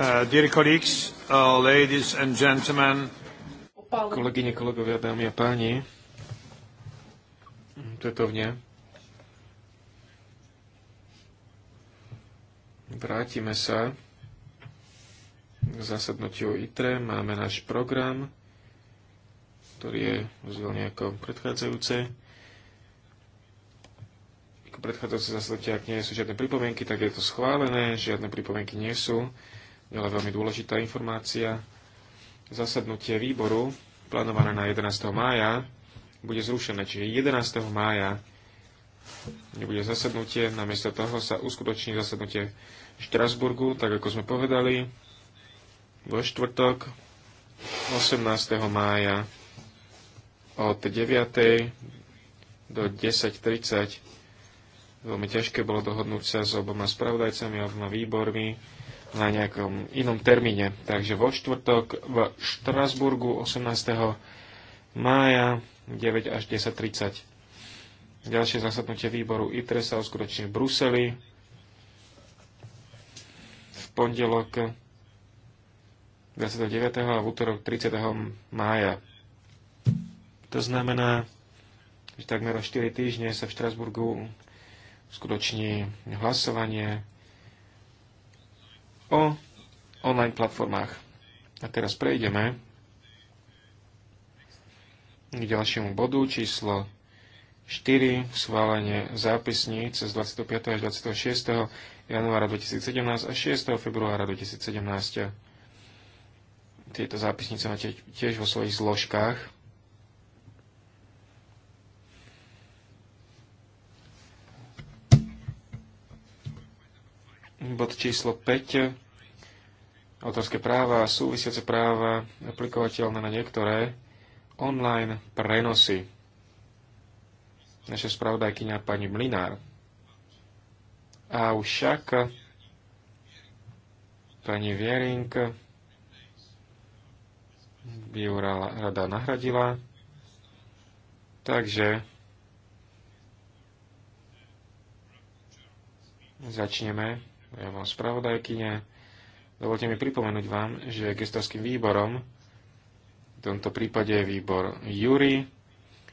Uh, dear colleagues, uh, ladies and gentlemen. Kolegyne, kolegovia, dámy a páni, mm, tetovne. Vrátime sa k zasadnutiu ITRE. Máme náš program, ktorý je zvolne nejako predchádzajúce. Ako predchádzajúce zasadnutia, ak nie sú žiadne pripomienky, tak je to schválené, žiadne pripomienky nie sú ale veľmi dôležitá informácia. Zasadnutie výboru, plánované na 11. mája, bude zrušené. Čiže 11. mája nebude zasadnutie, namiesto toho sa uskutoční zasadnutie v Štrasburgu, tak ako sme povedali, vo štvrtok 18. mája od 9. do 10.30. Veľmi ťažké bolo dohodnúť sa s oboma spravodajcami a oboma výbormi na nejakom inom termíne. Takže vo štvrtok v Štrasburgu 18. mája 9 až 10.30. Ďalšie zasadnutie výboru ITRE sa uskutoční v Bruseli v pondelok 29. a v útorok 30. mája. To znamená, že takmer o 4 týždne sa v Štrasburgu skutoční hlasovanie o online platformách. A teraz prejdeme k ďalšiemu bodu číslo 4, schválenie zápisníc z 25. až 26. januára 2017 a 6. februára 2017. Tieto zápisnice máte tiež vo svojich zložkách. bod číslo 5, autorské práva a súvisiace práva aplikovateľné na niektoré online prenosy. Naša spravodajkyňa pani Mlinár. A však pani Viering by ju rada nahradila. Takže začneme vám spravodajkyne. Dovolte mi pripomenúť vám, že gestorským výborom v tomto prípade je výbor Júri.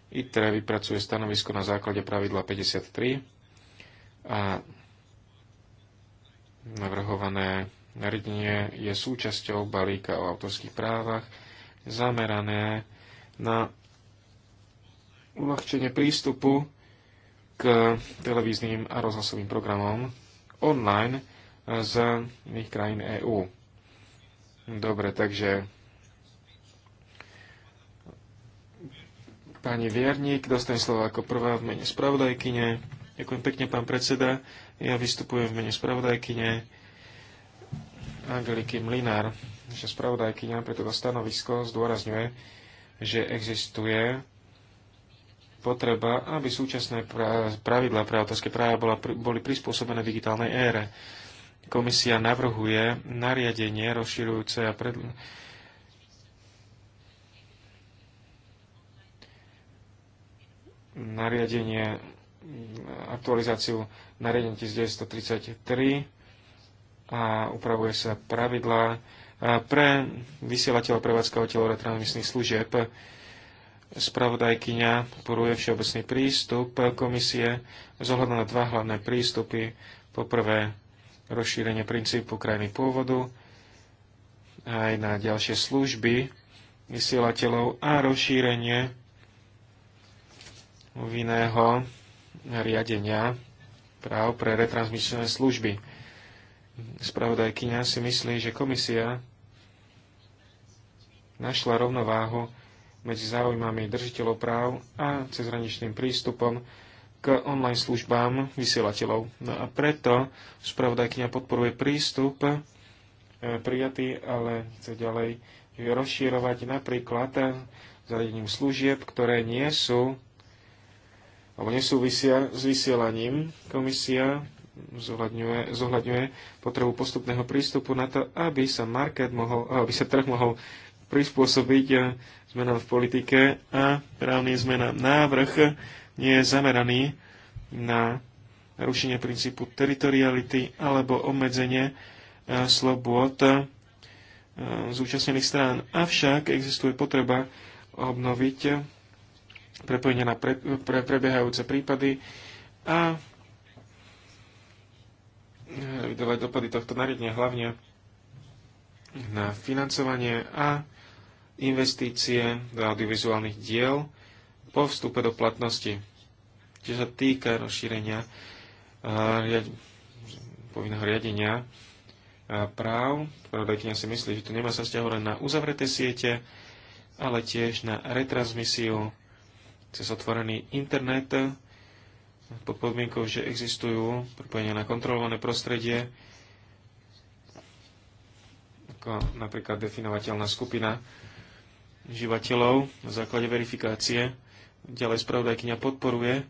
ITRE vypracuje stanovisko na základe pravidla 53 a navrhované nariadenie je súčasťou balíka o autorských právach zamerané na uľahčenie prístupu k televíznym a rozhlasovým programom online eh, z iných krajín EÚ. Dobre, takže pani Vierník, dostane slovo ako prvá v mene spravodajkyne. Ďakujem pekne, pán predseda. Ja vystupujem v mene spravodajkyne Angeliky Mlinár. že spravodajkyňa pre toto stanovisko zdôrazňuje, že existuje potreba, aby súčasné pravidla pre autorské práva boli prispôsobené digitálnej ére. Komisia navrhuje nariadenie rozširujúce a pred, nariadenie, aktualizáciu nariadenia 1933 a upravuje sa pravidlá eh, pre vysielateľa prevádzkovateľov retransmisných služieb Spravodajkyňa poruje všeobecný prístup komisie zohľadom na dva hlavné prístupy. Po prvé, rozšírenie princípu krajiny pôvodu aj na ďalšie služby vysielateľov a rozšírenie vinného riadenia práv pre retransmisné služby. Spravodajkyňa si myslí, že komisia našla rovnováhu medzi záujmami držiteľov práv a cezhraničným prístupom k online službám vysielateľov. No a preto spravodajkynia podporuje prístup e, prijatý, ale chce ďalej rozširovať napríklad zariadením služieb, ktoré nie sú alebo nesúvisia s vysielaním. Komisia zohľadňuje, zohľadňuje potrebu postupného prístupu na to, aby sa, market mohol, aby sa trh mohol prispôsobiť eh, zmenám v politike a právny zmenám. Návrh nie je zameraný na rušenie princípu teritoriality alebo obmedzenie eh, slobôd eh, zúčastnených strán. Avšak existuje potreba obnoviť prepojenie na pre, pre, prebiehajúce prípady a vydávať dopady tohto nariadenia hlavne na financovanie a investície do audiovizuálnych diel po vstupe do platnosti. Čo sa týka rozšírenia eh, povinného riadenia a eh, práv, spravodajkynia si myslí, že to nemá sa vzťahovať len na uzavreté siete, ale tiež na retransmisiu cez otvorený internet pod podmienkou, že existujú pripojenia na kontrolované prostredie, ako napríklad definovateľná skupina užívateľov na základe verifikácie. Ďalej spravodajkyňa podporuje,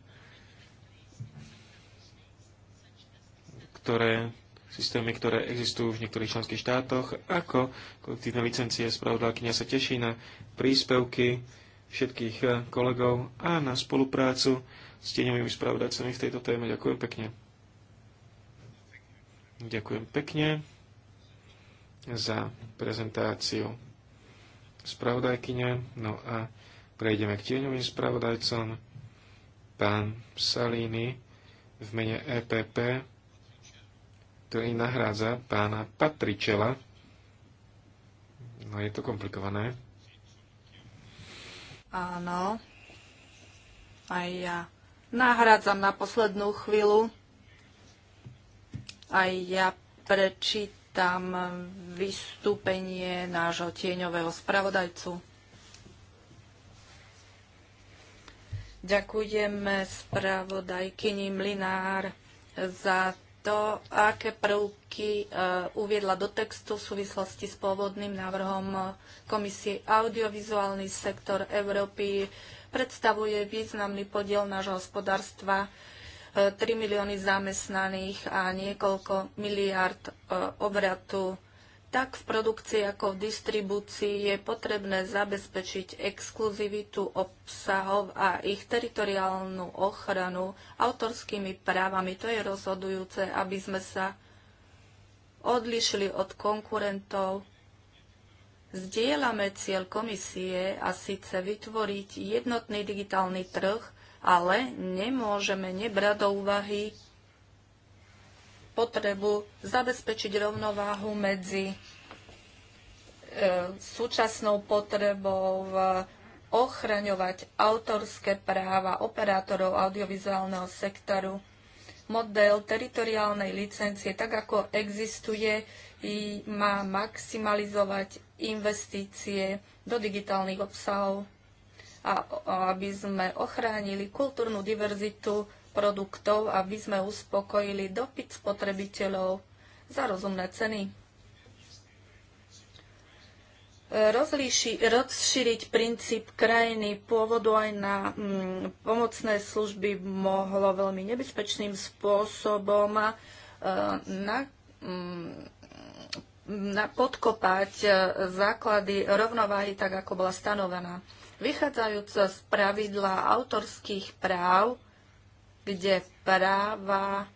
ktoré systémy, ktoré existujú v niektorých členských štátoch, ako kolektívne licencie. Spravodajkyňa sa teší na príspevky všetkých kolegov a na spoluprácu s tieňovými spravodajcami v tejto téme. Ďakujem pekne. Ďakujem pekne za prezentáciu spravodajkyňa. No a prejdeme k tieňovým spravodajcom. Pán Salini v mene EPP, ktorý nahrádza pána Patričela. No je to komplikované. Áno. Aj ja nahrádzam na poslednú chvíľu. Aj ja prečítam tam vystúpenie nášho tieňového spravodajcu. Ďakujeme spravodajkyni Mlinár za to, aké prvky e, uviedla do textu v súvislosti s pôvodným návrhom komisie Audiovizuálny sektor Európy predstavuje významný podiel nášho hospodárstva. 3 milióny zamestnaných a niekoľko miliard e, obratu. Tak v produkcii ako v distribúcii je potrebné zabezpečiť exkluzivitu obsahov a ich teritoriálnu ochranu autorskými právami. To je rozhodujúce, aby sme sa odlišili od konkurentov. Zdieľame cieľ komisie a síce vytvoriť jednotný digitálny trh, ale nemôžeme nebrať do úvahy potrebu zabezpečiť rovnováhu medzi e, súčasnou potrebou e, ochraňovať autorské práva operátorov audiovizuálneho sektoru. Model teritoriálnej licencie, tak ako existuje, má maximalizovať investície do digitálnych obsahov a aby sme ochránili kultúrnu diverzitu produktov, aby sme uspokojili dopyt spotrebiteľov za rozumné ceny. Rozlíši, rozšíriť princíp krajiny pôvodu aj na mm, pomocné služby mohlo veľmi nebezpečným spôsobom e, na, mm, na podkopať e, základy rovnováhy tak, ako bola stanovená vychádzajúca z pravidla autorských práv, kde práva e,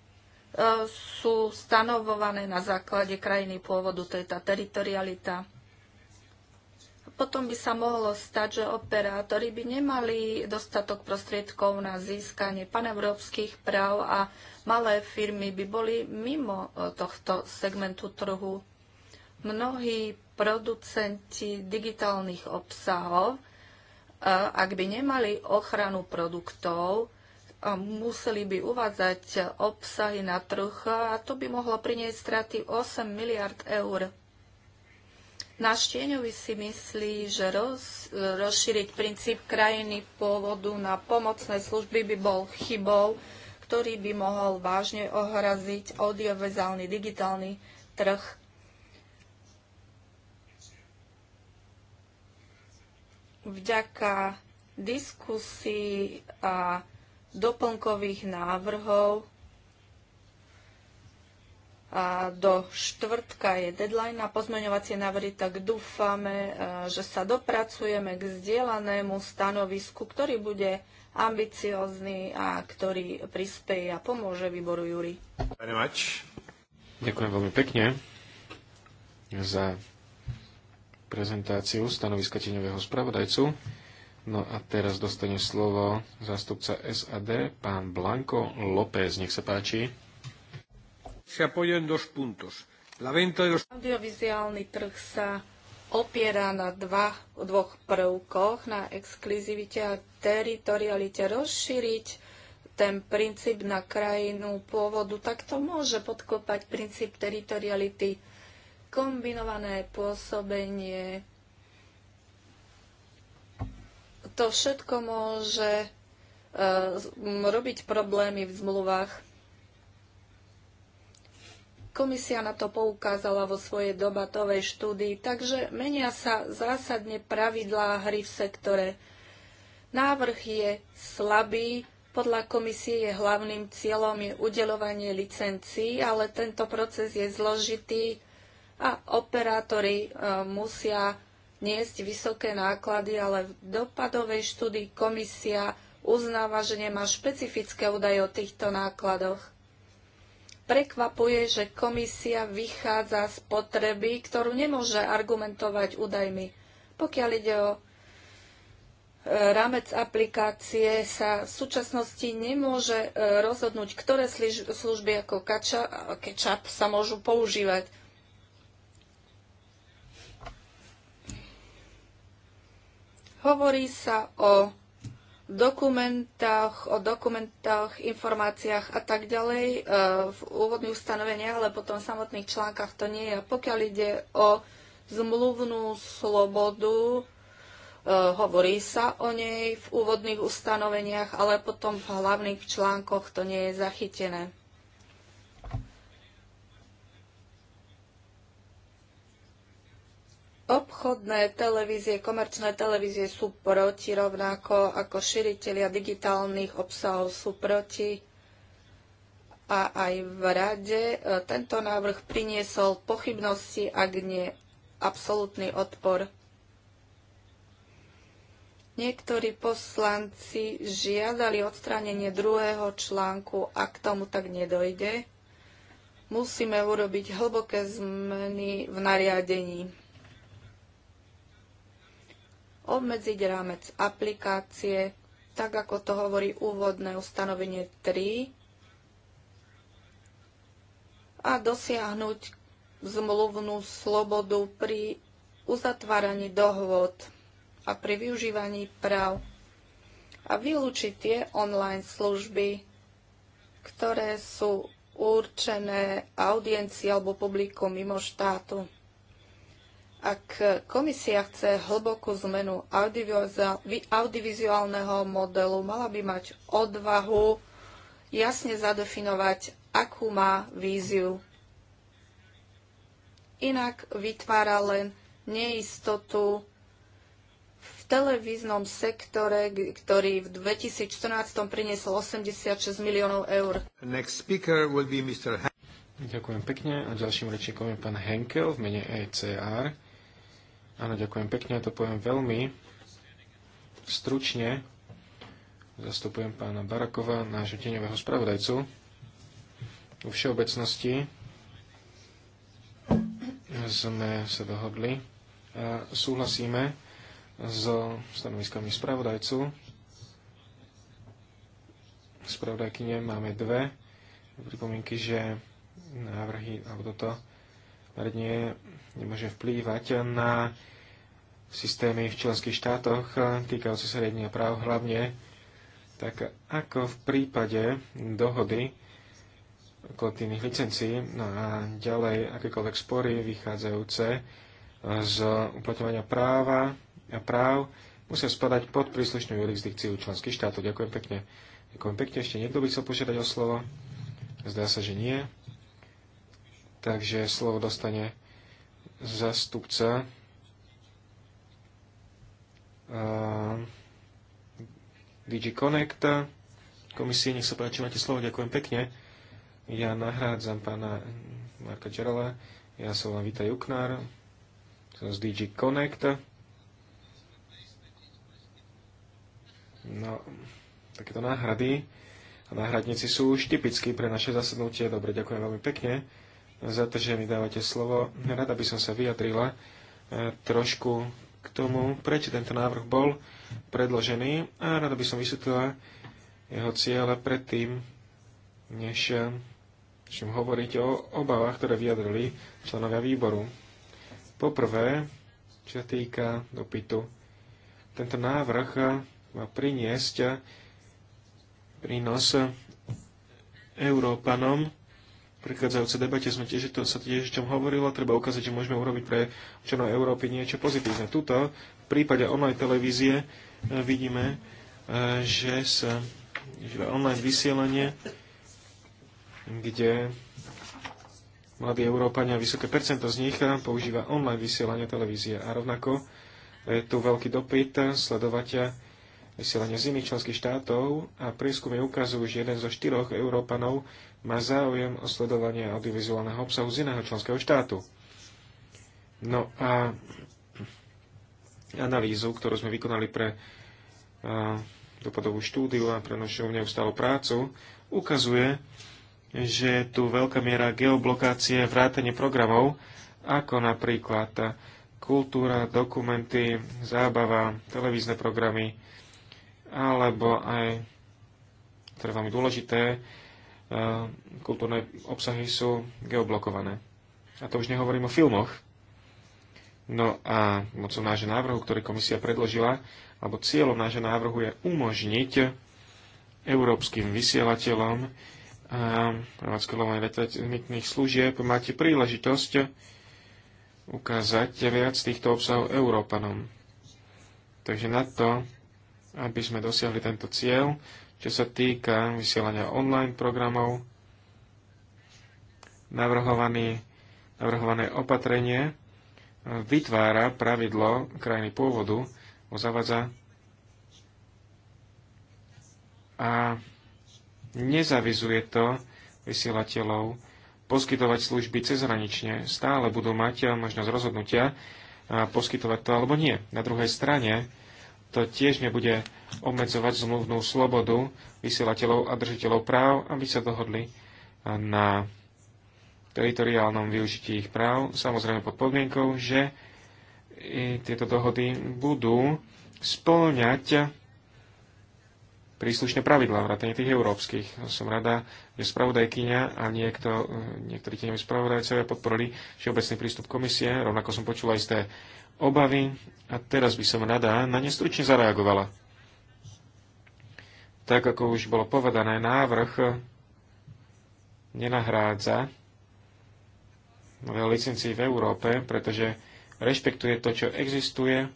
sú stanovované na základe krajiny pôvodu, to je tá teritorialita. Potom by sa mohlo stať, že operátori by nemali dostatok prostriedkov na získanie paneurópskych práv a malé firmy by boli mimo e, tohto segmentu trhu. Mnohí producenti digitálnych obsahov ak by nemali ochranu produktov, museli by uvádzať obsahy na trh a to by mohlo priniesť straty 8 miliard eur. Na Štieňovi si myslí, že roz, rozšíriť princíp krajiny pôvodu na pomocné služby by bol chybou, ktorý by mohol vážne ohraziť audiovizálny digitálny trh. vďaka diskusii a doplnkových návrhov a do štvrtka je deadline na pozmeňovacie návrhy, tak dúfame, e, že sa dopracujeme k zdieľanému stanovisku, ktorý bude ambiciozný a ktorý prispieje a pomôže výboru Júri. Ďakujem veľmi pekne za prezentáciu stanoviska tieňového spravodajcu. No a teraz dostane slovo zástupca SAD, pán Blanco López. Nech sa páči. Audiovizuálny trh sa opiera na dva, dvoch prvkoch, na exkluzivite a teritorialite. Rozšíriť ten princíp na krajinu pôvodu, tak to môže podkopať princíp teritoriality kombinované pôsobenie. To všetko môže e, robiť problémy v zmluvách. Komisia na to poukázala vo svojej dobatovej štúdii, takže menia sa zásadne pravidlá hry v sektore. Návrh je slabý, podľa komisie je hlavným cieľom je udelovanie licencií, ale tento proces je zložitý a operátori e, musia niesť vysoké náklady, ale v dopadovej štúdii komisia uznáva, že nemá špecifické údaje o týchto nákladoch. Prekvapuje, že komisia vychádza z potreby, ktorú nemôže argumentovať údajmi. Pokiaľ ide o e, rámec aplikácie sa v súčasnosti nemôže e, rozhodnúť, ktoré služby ako ketchup sa môžu používať. Hovorí sa o dokumentách, o dokumentách, informáciách a tak ďalej e, v úvodných ustanoveniach, ale potom v samotných článkach to nie je. A pokiaľ ide o zmluvnú slobodu, e, hovorí sa o nej v úvodných ustanoveniach, ale potom v hlavných článkoch to nie je zachytené. Obchodné televízie, komerčné televízie sú proti, rovnako ako širitelia digitálnych obsahov sú proti. A aj v rade e, tento návrh priniesol pochybnosti, ak nie absolútny odpor. Niektorí poslanci žiadali odstránenie druhého článku, a k tomu tak nedojde, musíme urobiť hlboké zmeny v nariadení obmedziť rámec aplikácie, tak ako to hovorí úvodné ustanovenie 3 a dosiahnuť zmluvnú slobodu pri uzatváraní dohôd a pri využívaní práv a vylúčiť tie online služby, ktoré sú určené audiencii alebo publiku mimo štátu. Ak komisia chce hlbokú zmenu audiovizuálneho modelu, mala by mať odvahu jasne zadefinovať, akú má víziu. Inak vytvára len neistotu v televíznom sektore, ktorý v 2014 priniesol 86 miliónov eur. Ďakujem pekne a ďalším rečníkom je pán Henkel v mene ECR. Áno, ďakujem pekne, to poviem veľmi stručne. Zastupujem pána Barakova, nášho deňového spravodajcu. V všeobecnosti sme sa dohodli a súhlasíme so stanoviskami spravodajcu. Spravodajkyne máme dve pripomienky, že návrhy alebo toto nariadenie nemôže vplývať na systémy v členských štátoch eh, týkajúce sa riadenia práv hlavne, tak ako v prípade dohody kolektívnych licencií no a ďalej akékoľvek spory vychádzajúce eh, z uplatňovania práva a práv musia spadať pod príslušnú jurisdikciu členských štátov. Ďakujem pekne. Ďakujem pekne. Ešte niekto by chcel požiadať o slovo? Zdá sa, že nie. Takže slovo dostane zastupca DG Connect komisie. Nech sa páči, máte slovo. Ďakujem pekne. Ja nahrádzam pána Marka Čerala. Ja som vám vítaj Juknár. z DG Connect. No, takéto náhrady a náhradníci sú už typickí pre naše zasadnutie. Dobre, ďakujem veľmi pekne za to, že mi dávate slovo. Rada by som sa vyjadrila e, trošku k tomu, prečo tento návrh bol predložený a rada by som vysvetlila jeho cieľa predtým, než čím e, hovoriť o obavách, ktoré vyjadrili členovia výboru. Poprvé, čo sa týka dopytu, tento návrh má priniesť prínos Európanom predchádzajúcej debate sme tiež, to sa tiež čom hovorilo, treba ukázať, že môžeme urobiť pre občanov Európy niečo pozitívne. Tuto v prípade online televízie e, vidíme, e, že sa že online vysielanie, kde mladí Európania, vysoké percento z nich e, používa online vysielanie televízie a rovnako je tu veľký dopyt sledovateľ vysielania z iných členských štátov a prieskumy ukazujú, že jeden zo štyroch Európanov má záujem o sledovanie audiovizuálneho obsahu z iného členského štátu. No a analýzu, ktorú sme vykonali pre dopadovú štúdiu a pre našu neustálu prácu, ukazuje, že je tu veľká miera geoblokácie vrátane programov, ako napríklad kultúra, dokumenty, zábava, televízne programy, alebo aj, ktoré je veľmi dôležité, e, kultúrne obsahy sú geoblokované. A to už nehovorím o filmoch. No a mocou nášho návrhu, ktorý komisia predložila, alebo cieľom nášho návrhu je umožniť európskym vysielateľom a e, prevádzkoľovej vetvetných služieb máte príležitosť ukázať viac týchto obsahov Európanom. Takže na to aby sme dosiahli tento cieľ, čo sa týka vysielania online programov, navrhované opatrenie vytvára pravidlo krajiny pôvodu, o zavadza a nezavizuje to vysielateľov poskytovať služby cezhranične. Stále budú mať možnosť rozhodnutia poskytovať to alebo nie. Na druhej strane to tiež nebude obmedzovať zmluvnú slobodu vysielateľov a držiteľov práv, aby sa dohodli na teritoriálnom využití ich práv, samozrejme pod podmienkou, že tieto dohody budú spĺňať príslušné pravidlá, vrátane tých európskych. Som rada, že spravodajkyňa a niekto, eh, niektorí tieňoví spravodajcovia podporili všeobecný prístup komisie, rovnako som počula isté obavy a teraz by som rada na ne stručne zareagovala. Tak ako už bolo povedané, návrh nenahrádza nové licencii v Európe, pretože rešpektuje to, čo existuje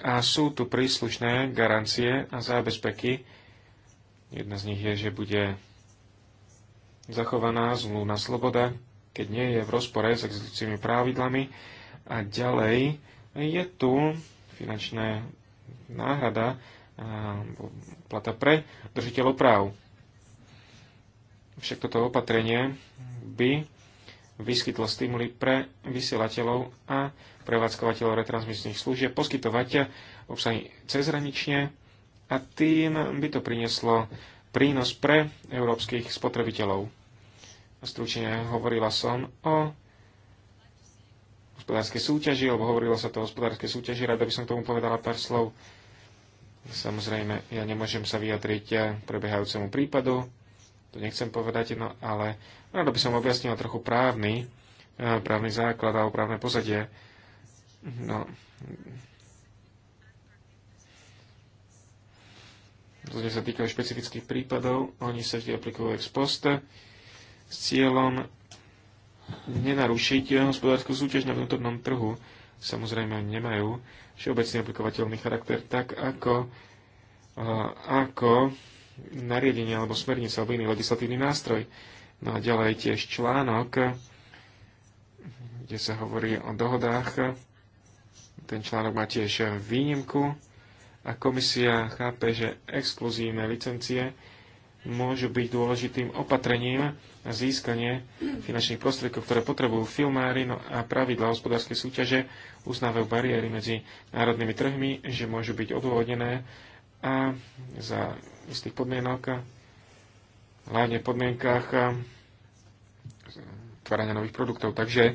a sú tu príslušné garancie a zábezpeky. Jedna z nich je, že bude zachovaná zmluvná sloboda, keď nie je v rozpore s existujúcimi právidlami. A ďalej je tu finančná náhrada plata pre držiteľov práv. Však toto opatrenie by vyskytlo stimuly pre vysielateľov a prevádzkovateľov retransmisných služieb poskytovať obsahy cezhranične a tým by to prinieslo prínos pre európskych spotrebiteľov. Stručne hovorila som o hospodárskej súťaži, alebo hovorilo sa to o hospodárskej súťaži, rada by som k tomu povedala pár slov. Samozrejme, ja nemôžem sa vyjadriť prebiehajúcemu prípadu, to nechcem povedať, no ale rada by som objasnila trochu právny, eh, právny základ a právne pozadie No, To sa týkajú špecifických prípadov, oni sa vždy aplikujú ex poste s cieľom nenarušiť hospodárskú súťaž na vnútornom trhu. Samozrejme, nemajú všeobecný aplikovateľný charakter tak, ako, ako nariadenie alebo smernica alebo iný legislatívny nástroj. No a ďalej tiež článok, kde sa hovorí o dohodách ten článok má tiež výnimku a komisia chápe, že exkluzívne licencie môžu byť dôležitým opatrením na získanie finančných prostriedkov, ktoré potrebujú filmári no a pravidla hospodárskej súťaže uznávajú bariéry medzi národnými trhmi, že môžu byť odôvodnené a za istých podmienok, hlavne v podmienkách tvárania nových produktov. Takže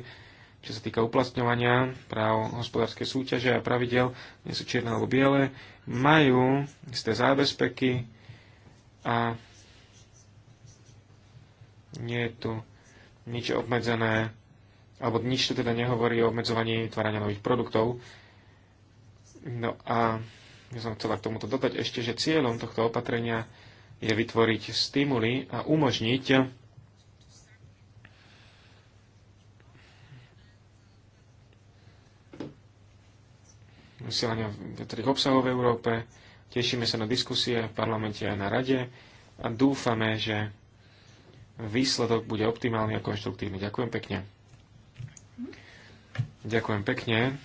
čo sa týka uplatňovania práv hospodárskej súťaže a pravidel, nie sú čierne alebo biele, majú isté zábezpeky a nie je tu nič obmedzené, alebo nič tu teda nehovorí o obmedzovaní vytvárania nových produktov. No a ja som chcela k tomuto dodať ešte, že cieľom tohto opatrenia je vytvoriť stimuly a umožniť vysielania viacerých obsahov v Európe. Tešíme sa na diskusie v parlamente aj na rade a dúfame, že výsledok bude optimálny a konštruktívny. Ďakujem pekne. Ďakujem pekne.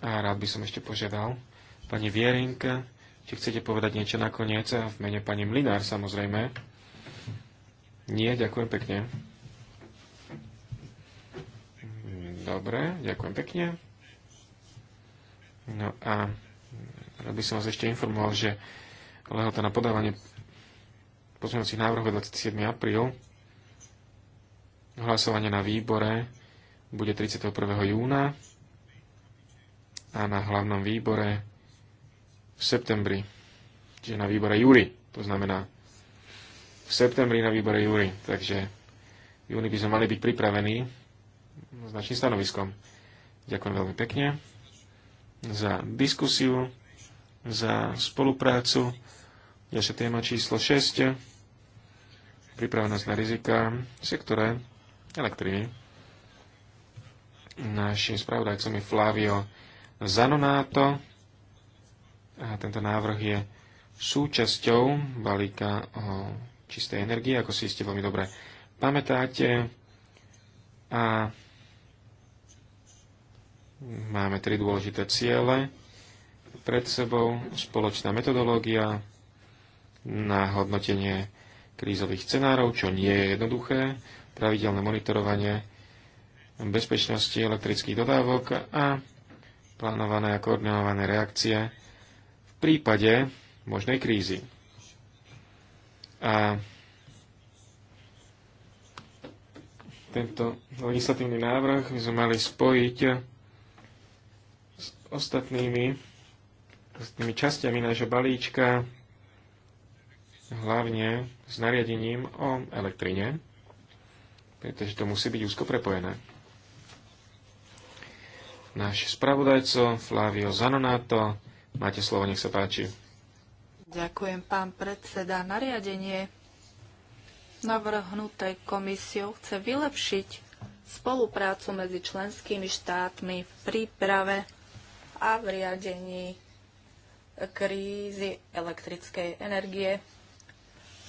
A rád by som ešte požiadal pani Vierinka, či chcete povedať niečo nakoniec a v mene pani Mlinár samozrejme. Nie, ďakujem pekne. Dobre, ďakujem pekne. No a by som vás ešte informoval, že lehota na podávanie pozmeňujúcich návrhov 27. apríl. Hlasovanie na výbore bude 31. júna a na hlavnom výbore v septembri, čiže na výbore júri. To znamená v septembri na výbore júri. Takže júni by sme mali byť pripravení s našim stanoviskom. Ďakujem veľmi pekne za diskusiu, za spoluprácu. Ďalšia téma číslo 6. Pripravenosť na rizika v sektore elektriny. Našim spravodajcom je Flavio Zanonato a tento návrh je súčasťou balíka o čistej energii, ako si ste veľmi dobre pamätáte. A Máme tri dôležité ciele pred sebou. Spoločná metodológia na hodnotenie krízových scenárov, čo nie je jednoduché, pravidelné monitorovanie bezpečnosti elektrických dodávok a plánované a koordinované reakcie v prípade možnej krízy. A tento legislatívny návrh by sme mali spojiť ostatnými, ostatnými častiami nášho balíčka, hlavne s nariadením o elektrine, pretože to musí byť úzko prepojené. Náš spravodajco Flavio Zanonato, máte slovo, nech sa páči. Ďakujem, pán predseda. Nariadenie navrhnuté komisiou chce vylepšiť spoluprácu medzi členskými štátmi v príprave a v riadení krízy elektrickej energie.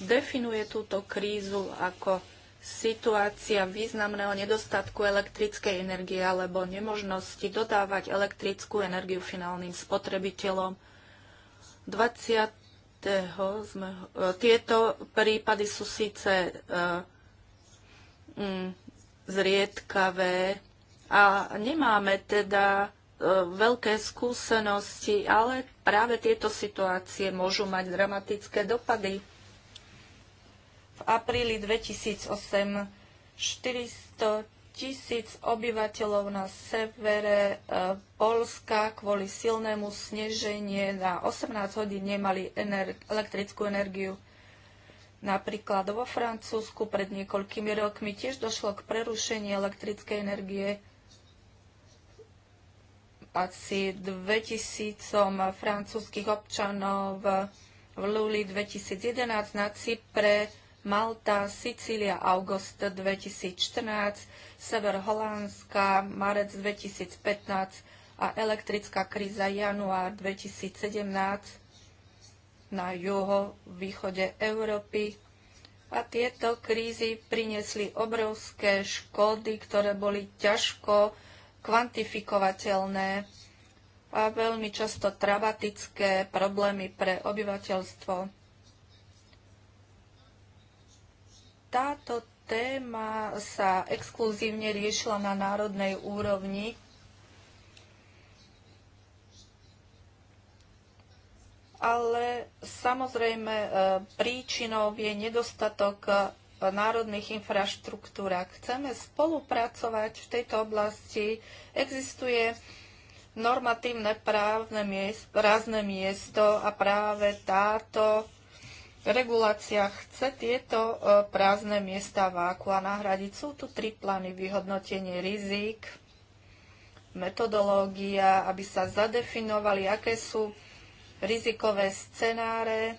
Definuje túto krízu ako situácia významného nedostatku elektrickej energie alebo nemožnosti dodávať elektrickú energiu finálnym spotrebiteľom. 20. Sme, e, tieto prípady sú síce e, mm, zriedkavé a nemáme teda E, veľké skúsenosti, ale práve tieto situácie môžu mať dramatické dopady. V apríli 2008 400 tisíc obyvateľov na severe e, Polska kvôli silnému sneženie na 18 hodín nemali ener- elektrickú energiu. Napríklad vo Francúzsku pred niekoľkými rokmi tiež došlo k prerušení elektrickej energie asi 2000 francúzskych občanov v júli 2011 na Cypre, Malta, Sicília, august 2014, sever Holandska, marec 2015 a elektrická kríza január 2017 na juho-východe Európy. A tieto krízy priniesli obrovské škody, ktoré boli ťažko kvantifikovateľné a veľmi často dramatické problémy pre obyvateľstvo. Táto téma sa exkluzívne riešila na národnej úrovni, ale samozrejme e, príčinou je nedostatok národných infraštruktúrach. Chceme spolupracovať v tejto oblasti. Existuje normatívne právne miest, prázdne miesto a práve táto regulácia chce tieto e, prázdne miesta váku a nahradiť. Sú tu tri plány vyhodnotenie rizik, metodológia, aby sa zadefinovali, aké sú rizikové scenáre,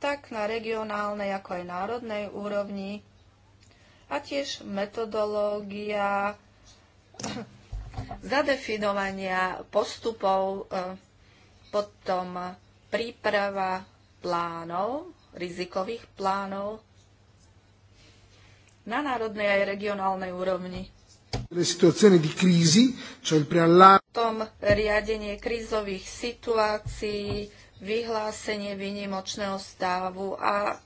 tak na regionálnej ako aj národnej úrovni a tiež metodológia zadefinovania postupov, e, potom príprava plánov, rizikových plánov na národnej aj regionálnej úrovni. potom riadenie krízových situácií, vyhlásenie výnimočného stavu a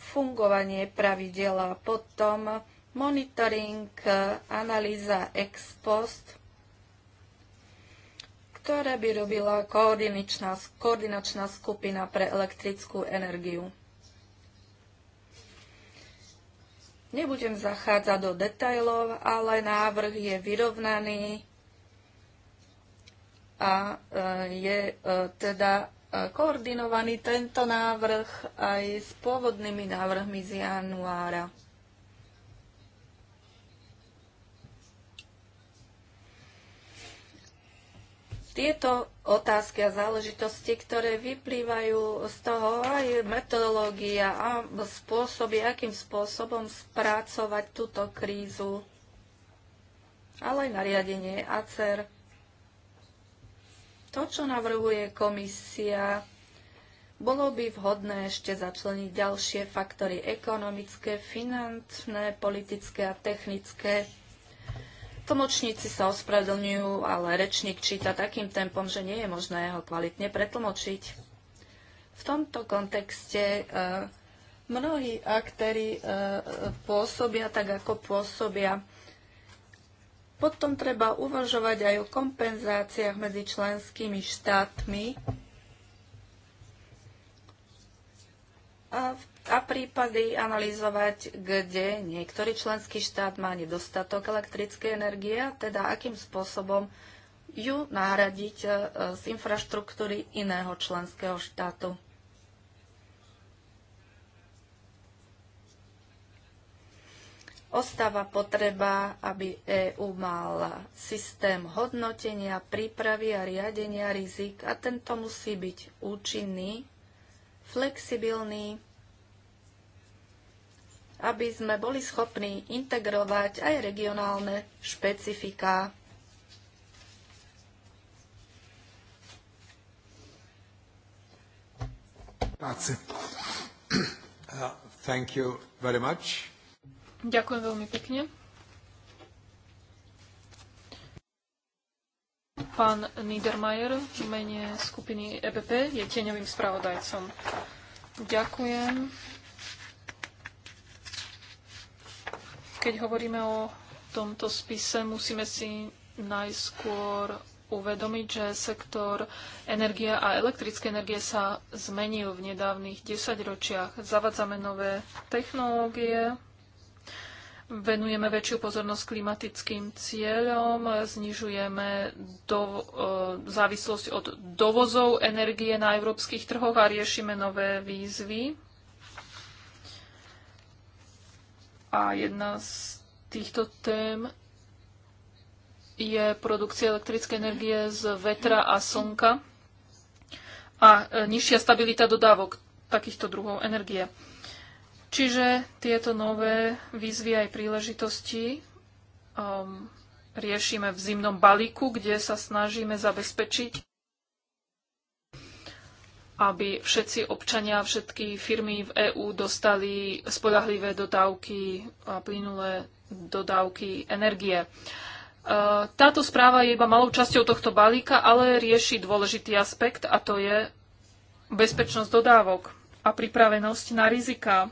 fungovanie pravidel a potom monitoring, analýza ex post, ktoré by robila koordinačná, koordinačná skupina pre elektrickú energiu. Nebudem zachádzať do detajlov, ale návrh je vyrovnaný a e, je e, teda e, koordinovaný tento návrh aj s pôvodnými návrhmi z januára. Tieto otázky a záležitosti, ktoré vyplývajú z toho aj metodológia a spôsoby, akým spôsobom spracovať túto krízu, ale aj nariadenie ACER to, čo navrhuje komisia, bolo by vhodné ešte začleniť ďalšie faktory ekonomické, finančné, politické a technické. Tlmočníci sa ospravedlňujú, ale rečník číta takým tempom, že nie je možné ho kvalitne pretlmočiť. V tomto kontexte e, mnohí aktéry e, pôsobia tak, ako pôsobia. Potom treba uvažovať aj o kompenzáciách medzi členskými štátmi a, a prípady analyzovať, kde niektorý členský štát má nedostatok elektrickej energie, teda akým spôsobom ju nahradiť e, z infraštruktúry iného členského štátu. Ostáva potreba, aby EÚ mal systém hodnotenia, prípravy a riadenia rizik a tento musí byť účinný, flexibilný, aby sme boli schopní integrovať aj regionálne špecifiká. Uh, thank you very much. Ďakujem veľmi pekne. Pán Niedermayer v mene skupiny EBP je tieňovým spravodajcom. Ďakujem. Keď hovoríme o tomto spise, musíme si najskôr uvedomiť, že sektor energie a elektrické energie sa zmenil v nedávnych desaťročiach. Zavadzame nové technológie, venujeme väčšiu pozornosť klimatickým cieľom, znižujeme do, e, závislosť od dovozov energie na európskych trhoch a riešime nové výzvy. A jedna z týchto tém je produkcia elektrickej energie z vetra a slnka a e, nižšia stabilita dodávok takýchto druhov energie. Čiže tieto nové výzvy aj príležitosti um, riešime v zimnom balíku, kde sa snažíme zabezpečiť, aby všetci občania, všetky firmy v EÚ dostali spolahlivé dodávky a plynulé dodávky energie. Uh, táto správa je iba malou časťou tohto balíka, ale rieši dôležitý aspekt a to je bezpečnosť dodávok a pripravenosť na rizika.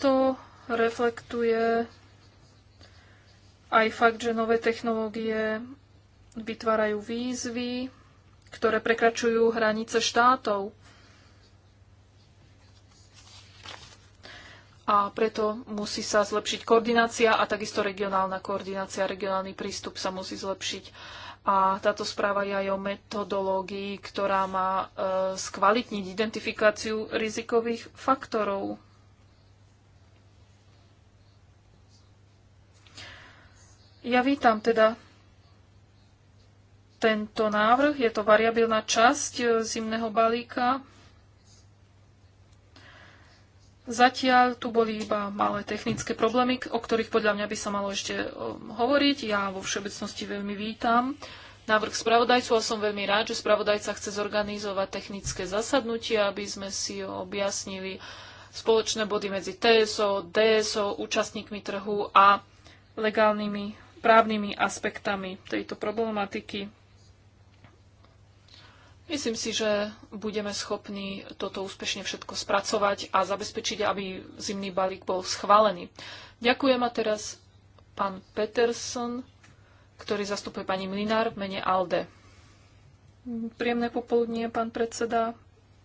To reflektuje aj fakt, že nové technológie vytvárajú výzvy, ktoré prekračujú hranice štátov. A preto musí sa zlepšiť koordinácia a takisto regionálna koordinácia, regionálny prístup sa musí zlepšiť. A táto správa je aj o metodológii, ktorá má e, skvalitniť identifikáciu rizikových faktorov. Ja vítam teda tento návrh. Je to variabilná časť e, zimného balíka. Zatiaľ tu boli iba malé technické problémy, o ktorých podľa mňa by sa malo ešte e, hovoriť. Ja vo všeobecnosti veľmi vítam návrh spravodajcu a som veľmi rád, že spravodajca chce zorganizovať technické zasadnutie, aby sme si objasnili spoločné body medzi TSO, DSO, účastníkmi trhu a legálnymi právnymi aspektami tejto problematiky. Myslím si, že budeme schopní toto úspešne všetko spracovať a zabezpečiť, aby zimný balík bol schválený. Ďakujem a teraz pán Peterson, ktorý zastupuje pani Mlinár v mene ALDE. Príjemné popoludnie, pán predseda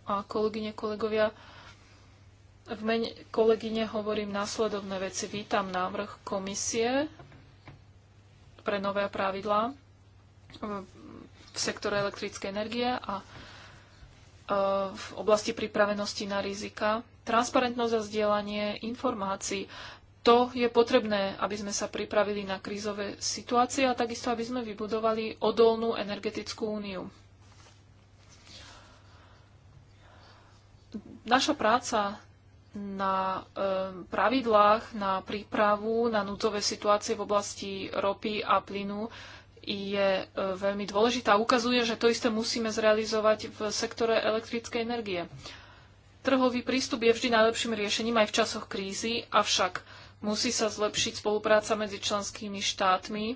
a kolegyne, kolegovia. V mene kolegyne hovorím následovné veci. Vítam návrh komisie pre nové pravidlá e, v sektore elektrickej energie a e, v oblasti pripravenosti na rizika. Transparentnosť a zdieľanie informácií. To je potrebné, aby sme sa pripravili na krízové situácie a takisto, aby sme vybudovali odolnú energetickú úniu. Naša práca na pravidlách na prípravu na núdzové situácie v oblasti ropy a plynu je e, veľmi dôležitá. Ukazuje, že to isté musíme zrealizovať v sektore elektrickej energie. Trhový prístup je vždy najlepším riešením aj v časoch krízy, avšak musí sa zlepšiť spolupráca medzi členskými štátmi,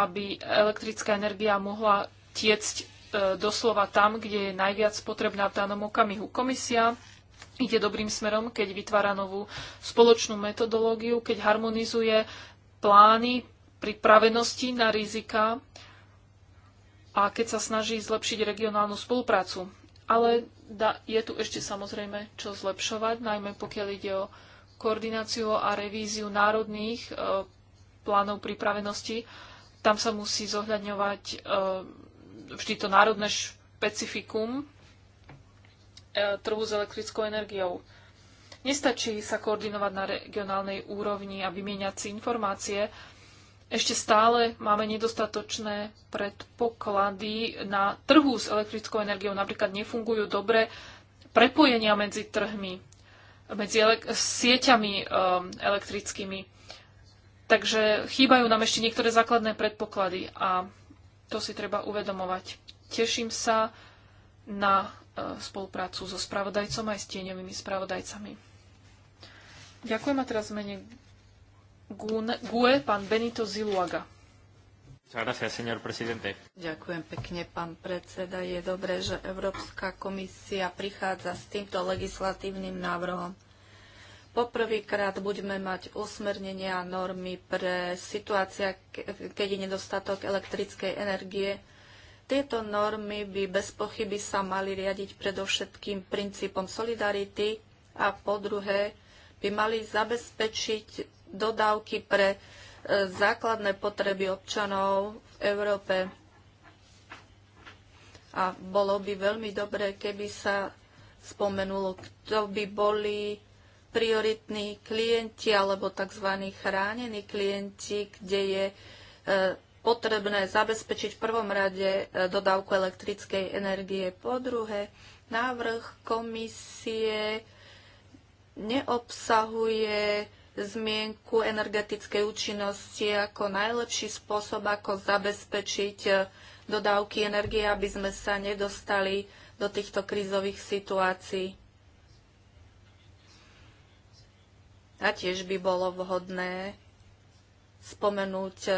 aby elektrická energia mohla tiecť e, doslova tam, kde je najviac potrebná v danom okamihu. Komisia ide dobrým smerom, keď vytvára novú spoločnú metodológiu, keď harmonizuje plány pripravenosti na rizika a keď sa snaží zlepšiť regionálnu spoluprácu. Ale da, je tu ešte samozrejme čo zlepšovať, najmä pokiaľ ide o koordináciu a revíziu národných e, plánov pripravenosti. Tam sa musí zohľadňovať e, vždy to národné špecifikum E, trhu s elektrickou energiou. Nestačí sa koordinovať na regionálnej úrovni a vymieňať si informácie. Ešte stále máme nedostatočné predpoklady na trhu s elektrickou energiou. Napríklad nefungujú dobre prepojenia medzi trhmi, medzi sieťami e, elektrickými. Takže chýbajú nám ešte niektoré základné predpoklady a to si treba uvedomovať. Teším sa na E, spoluprácu so spravodajcom aj s tieňovými spravodajcami. Ďakujem a teraz mene GUE, pán Benito Ziluaga. Ďakujem pekne, pán predseda. Je dobré, že Európska komisia prichádza s týmto legislatívnym návrhom. Poprvýkrát budeme mať usmernenia a normy pre situácia, keď je nedostatok elektrickej energie tieto normy by bez pochyby sa mali riadiť predovšetkým princípom solidarity a po druhé by mali zabezpečiť dodávky pre e, základné potreby občanov v Európe. A bolo by veľmi dobré, keby sa spomenulo, kto by boli prioritní klienti alebo tzv. chránení klienti, kde je e, potrebné zabezpečiť v prvom rade e, dodávku elektrickej energie. Po druhé, návrh komisie neobsahuje zmienku energetickej účinnosti ako najlepší spôsob, ako zabezpečiť e, dodávky energie, aby sme sa nedostali do týchto krízových situácií. A tiež by bolo vhodné spomenúť e,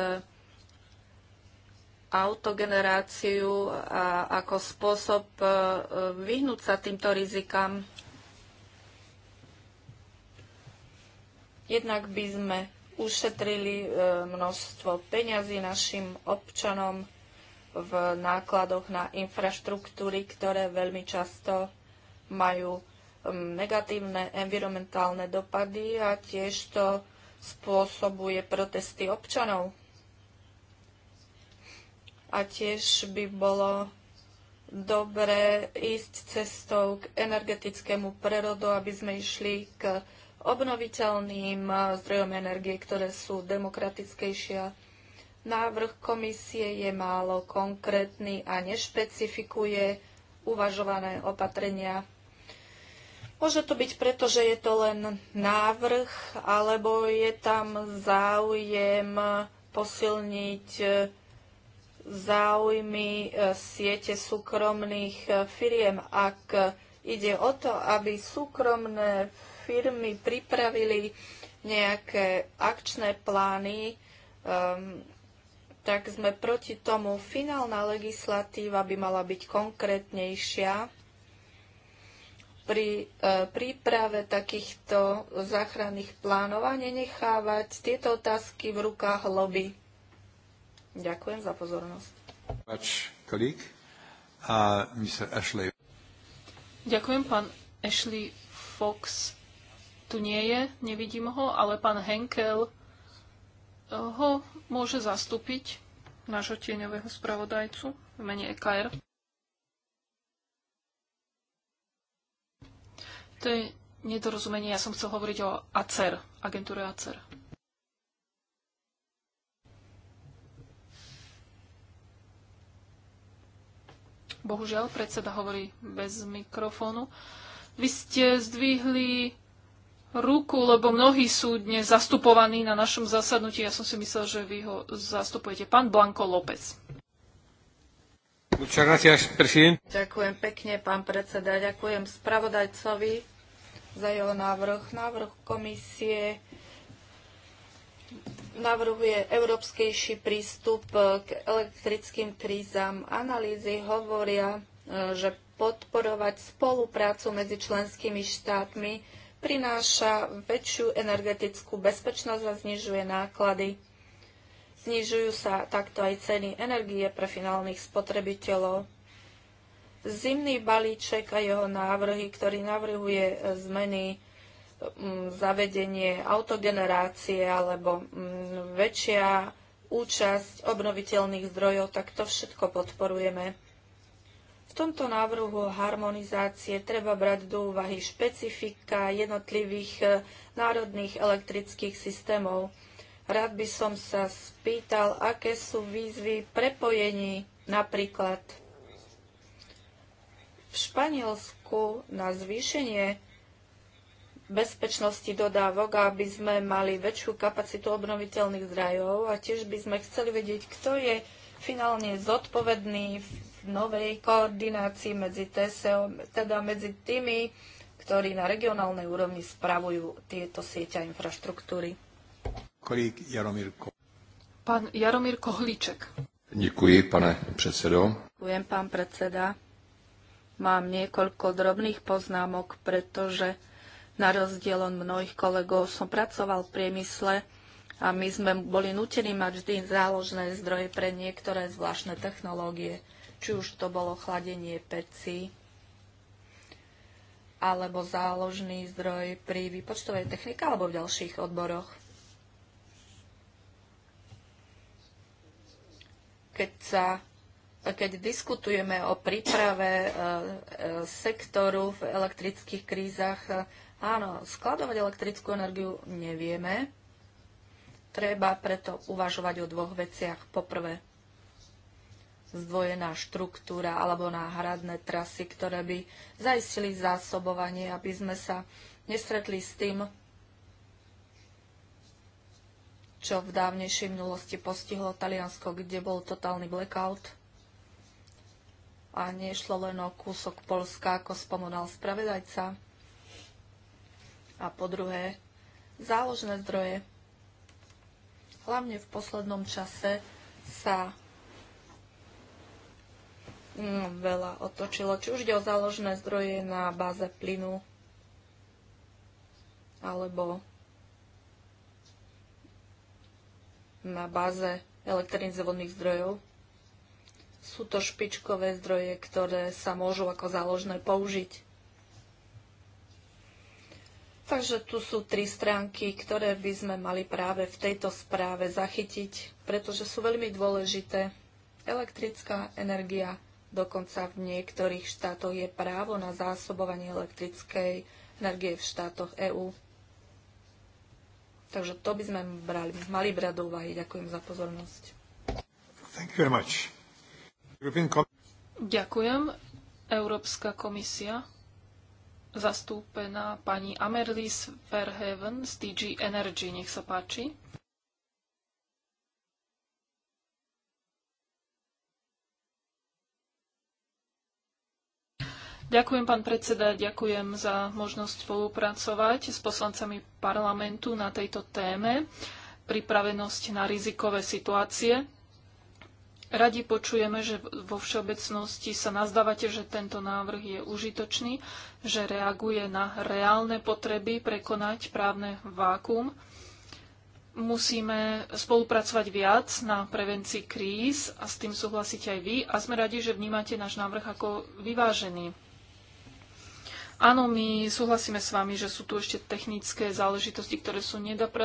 autogeneráciu a ako spôsob e, e, vyhnúť sa týmto rizikám. Jednak by sme ušetrili e, množstvo peňazí našim občanom v nákladoch na infraštruktúry, ktoré veľmi často majú negatívne environmentálne dopady a tiež to spôsobuje protesty občanov a tiež by bolo dobre ísť cestou k energetickému prerodu, aby sme išli k obnoviteľným zdrojom energie, ktoré sú demokratickejšia. Návrh komisie je málo konkrétny a nešpecifikuje uvažované opatrenia. Môže to byť preto, že je to len návrh, alebo je tam záujem posilniť e, záujmy e, siete súkromných e, firiem. Ak e, ide o to, aby súkromné firmy pripravili nejaké akčné plány, um, tak sme proti tomu. Finálna legislatíva by mala byť konkrétnejšia pri e, príprave takýchto záchranných plánov a nenechávať tieto otázky v rukách lobby. Ďakujem za pozornosť. Uh, Ďakujem, pán Ashley Fox tu nie je, nevidím ho, ale pán Henkel eh, ho môže zastúpiť, nášho tieňového spravodajcu v mene EKR. To je nedorozumenie, ja som chcel hovoriť o ACER, agentúre ACER. Bohužiaľ, predseda hovorí bez mikrofónu. Vy ste zdvihli ruku, lebo mnohí sú dnes zastupovaní na našom zasadnutí. Ja som si myslel, že vy ho zastupujete. Pán Blanko López. Ďakujem pekne, pán predseda. Ďakujem spravodajcovi za jeho návrh. Návrh komisie navrhuje európskejší prístup e, k elektrickým krízam. Analýzy hovoria, e, že podporovať spoluprácu medzi členskými štátmi prináša väčšiu energetickú bezpečnosť a znižuje náklady. Znižujú sa takto aj ceny energie pre finálnych spotrebiteľov. Zimný balíček a jeho návrhy, ktorý navrhuje e, zmeny Mm, zavedenie autogenerácie alebo mm, väčšia účasť obnoviteľných zdrojov, tak to všetko podporujeme. V tomto návrhu harmonizácie treba brať do úvahy špecifika jednotlivých e, národných elektrických systémov. Rád by som sa spýtal, aké sú výzvy prepojení napríklad v Španielsku na zvýšenie bezpečnosti dodávok, aby sme mali väčšiu kapacitu obnoviteľných zdrojov a tiež by sme chceli vedieť, kto je finálne zodpovedný v novej koordinácii medzi TSO, e teda medzi tými, ktorí na regionálnej úrovni spravujú tieto sieťa infraštruktúry. Kolík Jaromír Ko... Pán Jaromír Kohlíček. Ďakujem, pane predsedo. Ďakujem, pán predseda. Mám niekoľko drobných poznámok, pretože na rozdiel od mnohých kolegov som pracoval v priemysle a my sme boli nutení mať vždy záložné zdroje pre niektoré zvláštne technológie, či už to bolo chladenie peci, alebo záložný zdroj pri výpočtovej technike alebo v ďalších odboroch. Keď, sa, keď diskutujeme o príprave e, e, sektoru v elektrických krízach, e, Áno, skladovať elektrickú energiu nevieme. Treba preto uvažovať o dvoch veciach. Poprvé, zdvojená štruktúra alebo náhradné trasy, ktoré by zaistili zásobovanie, aby sme sa nestretli s tým, čo v dávnejšej minulosti postihlo Taliansko, kde bol totálny blackout. A nešlo len o kúsok Polska, ako spomenal spravedajca. A po druhé, záložné zdroje. Hlavne v poslednom čase sa mm, veľa otočilo. Či už ide o záložné zdroje na báze plynu, alebo na báze elektrín z vodných zdrojov. Sú to špičkové zdroje, ktoré sa môžu ako záložné použiť. Takže tu sú tri stránky, ktoré by sme mali práve v tejto správe zachytiť, pretože sú veľmi dôležité. Elektrická energia, dokonca v niektorých štátoch je právo na zásobovanie elektrickej energie v štátoch EÚ. Takže to by sme brali, mali brať do úvahy. Ďakujem za pozornosť. Thank you very much. Ďakujem. Európska komisia zastúpená pani Amerlis Verheven z DG Energy. Nech sa páči. Ďakujem, pán predseda, ďakujem za možnosť spolupracovať s poslancami parlamentu na tejto téme pripravenosť na rizikové situácie. Radi počujeme, že vo všeobecnosti sa nazdávate, že tento návrh je užitočný, že reaguje na reálne potreby prekonať právne vákum. Musíme spolupracovať viac na prevencii kríz a s tým súhlasíte aj vy a sme radi, že vnímate náš návrh ako vyvážený. Áno, my súhlasíme s vami, že sú tu ešte technické záležitosti, ktoré sú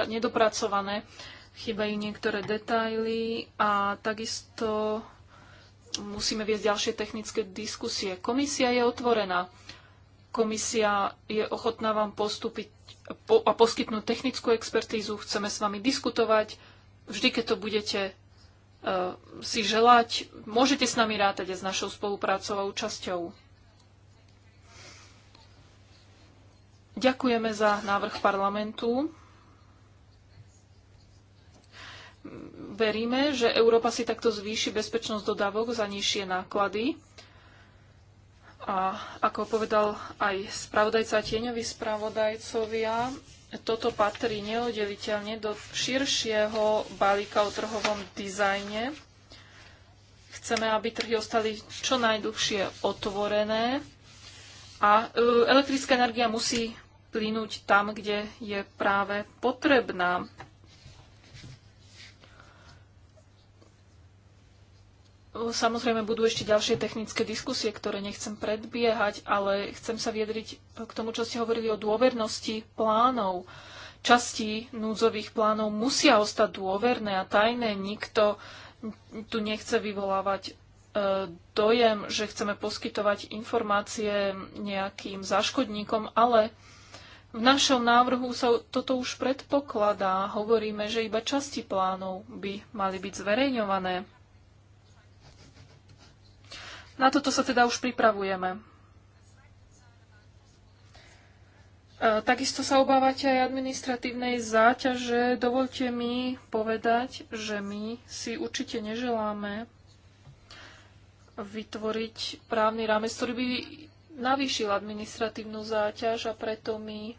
nedopracované chýbajú niektoré detaily a takisto musíme viesť ďalšie technické diskusie. Komisia je otvorená. Komisia je ochotná vám postúpiť a poskytnúť technickú expertízu. Chceme s vami diskutovať. Vždy, keď to budete uh, si želať, môžete s nami rátať a s našou spoluprácou a účasťou. Ďakujeme za návrh parlamentu veríme, že Európa si takto zvýši bezpečnosť dodávok za nižšie náklady. A ako povedal aj spravodajca tieňovi tieňoví spravodajcovia, toto patrí neoddeliteľne do širšieho balíka o trhovom dizajne. Chceme, aby trhy ostali čo najdlhšie otvorené a e, elektrická energia musí plynúť tam, kde je práve potrebná. Samozrejme budú ešte ďalšie technické diskusie, ktoré nechcem predbiehať, ale chcem sa viedriť k tomu, čo ste hovorili o dôvernosti plánov. Časti núdzových plánov musia ostať dôverné a tajné. Nikto tu nechce vyvolávať e, dojem, že chceme poskytovať informácie nejakým záškodníkom, ale v našom návrhu sa toto už predpokladá. Hovoríme, že iba časti plánov by mali byť zverejňované. Na toto sa teda už pripravujeme. E, takisto sa obávate aj administratívnej záťaže. Dovolte mi povedať, že my si určite neželáme vytvoriť právny rámec, ktorý by navýšil administratívnu záťaž a preto my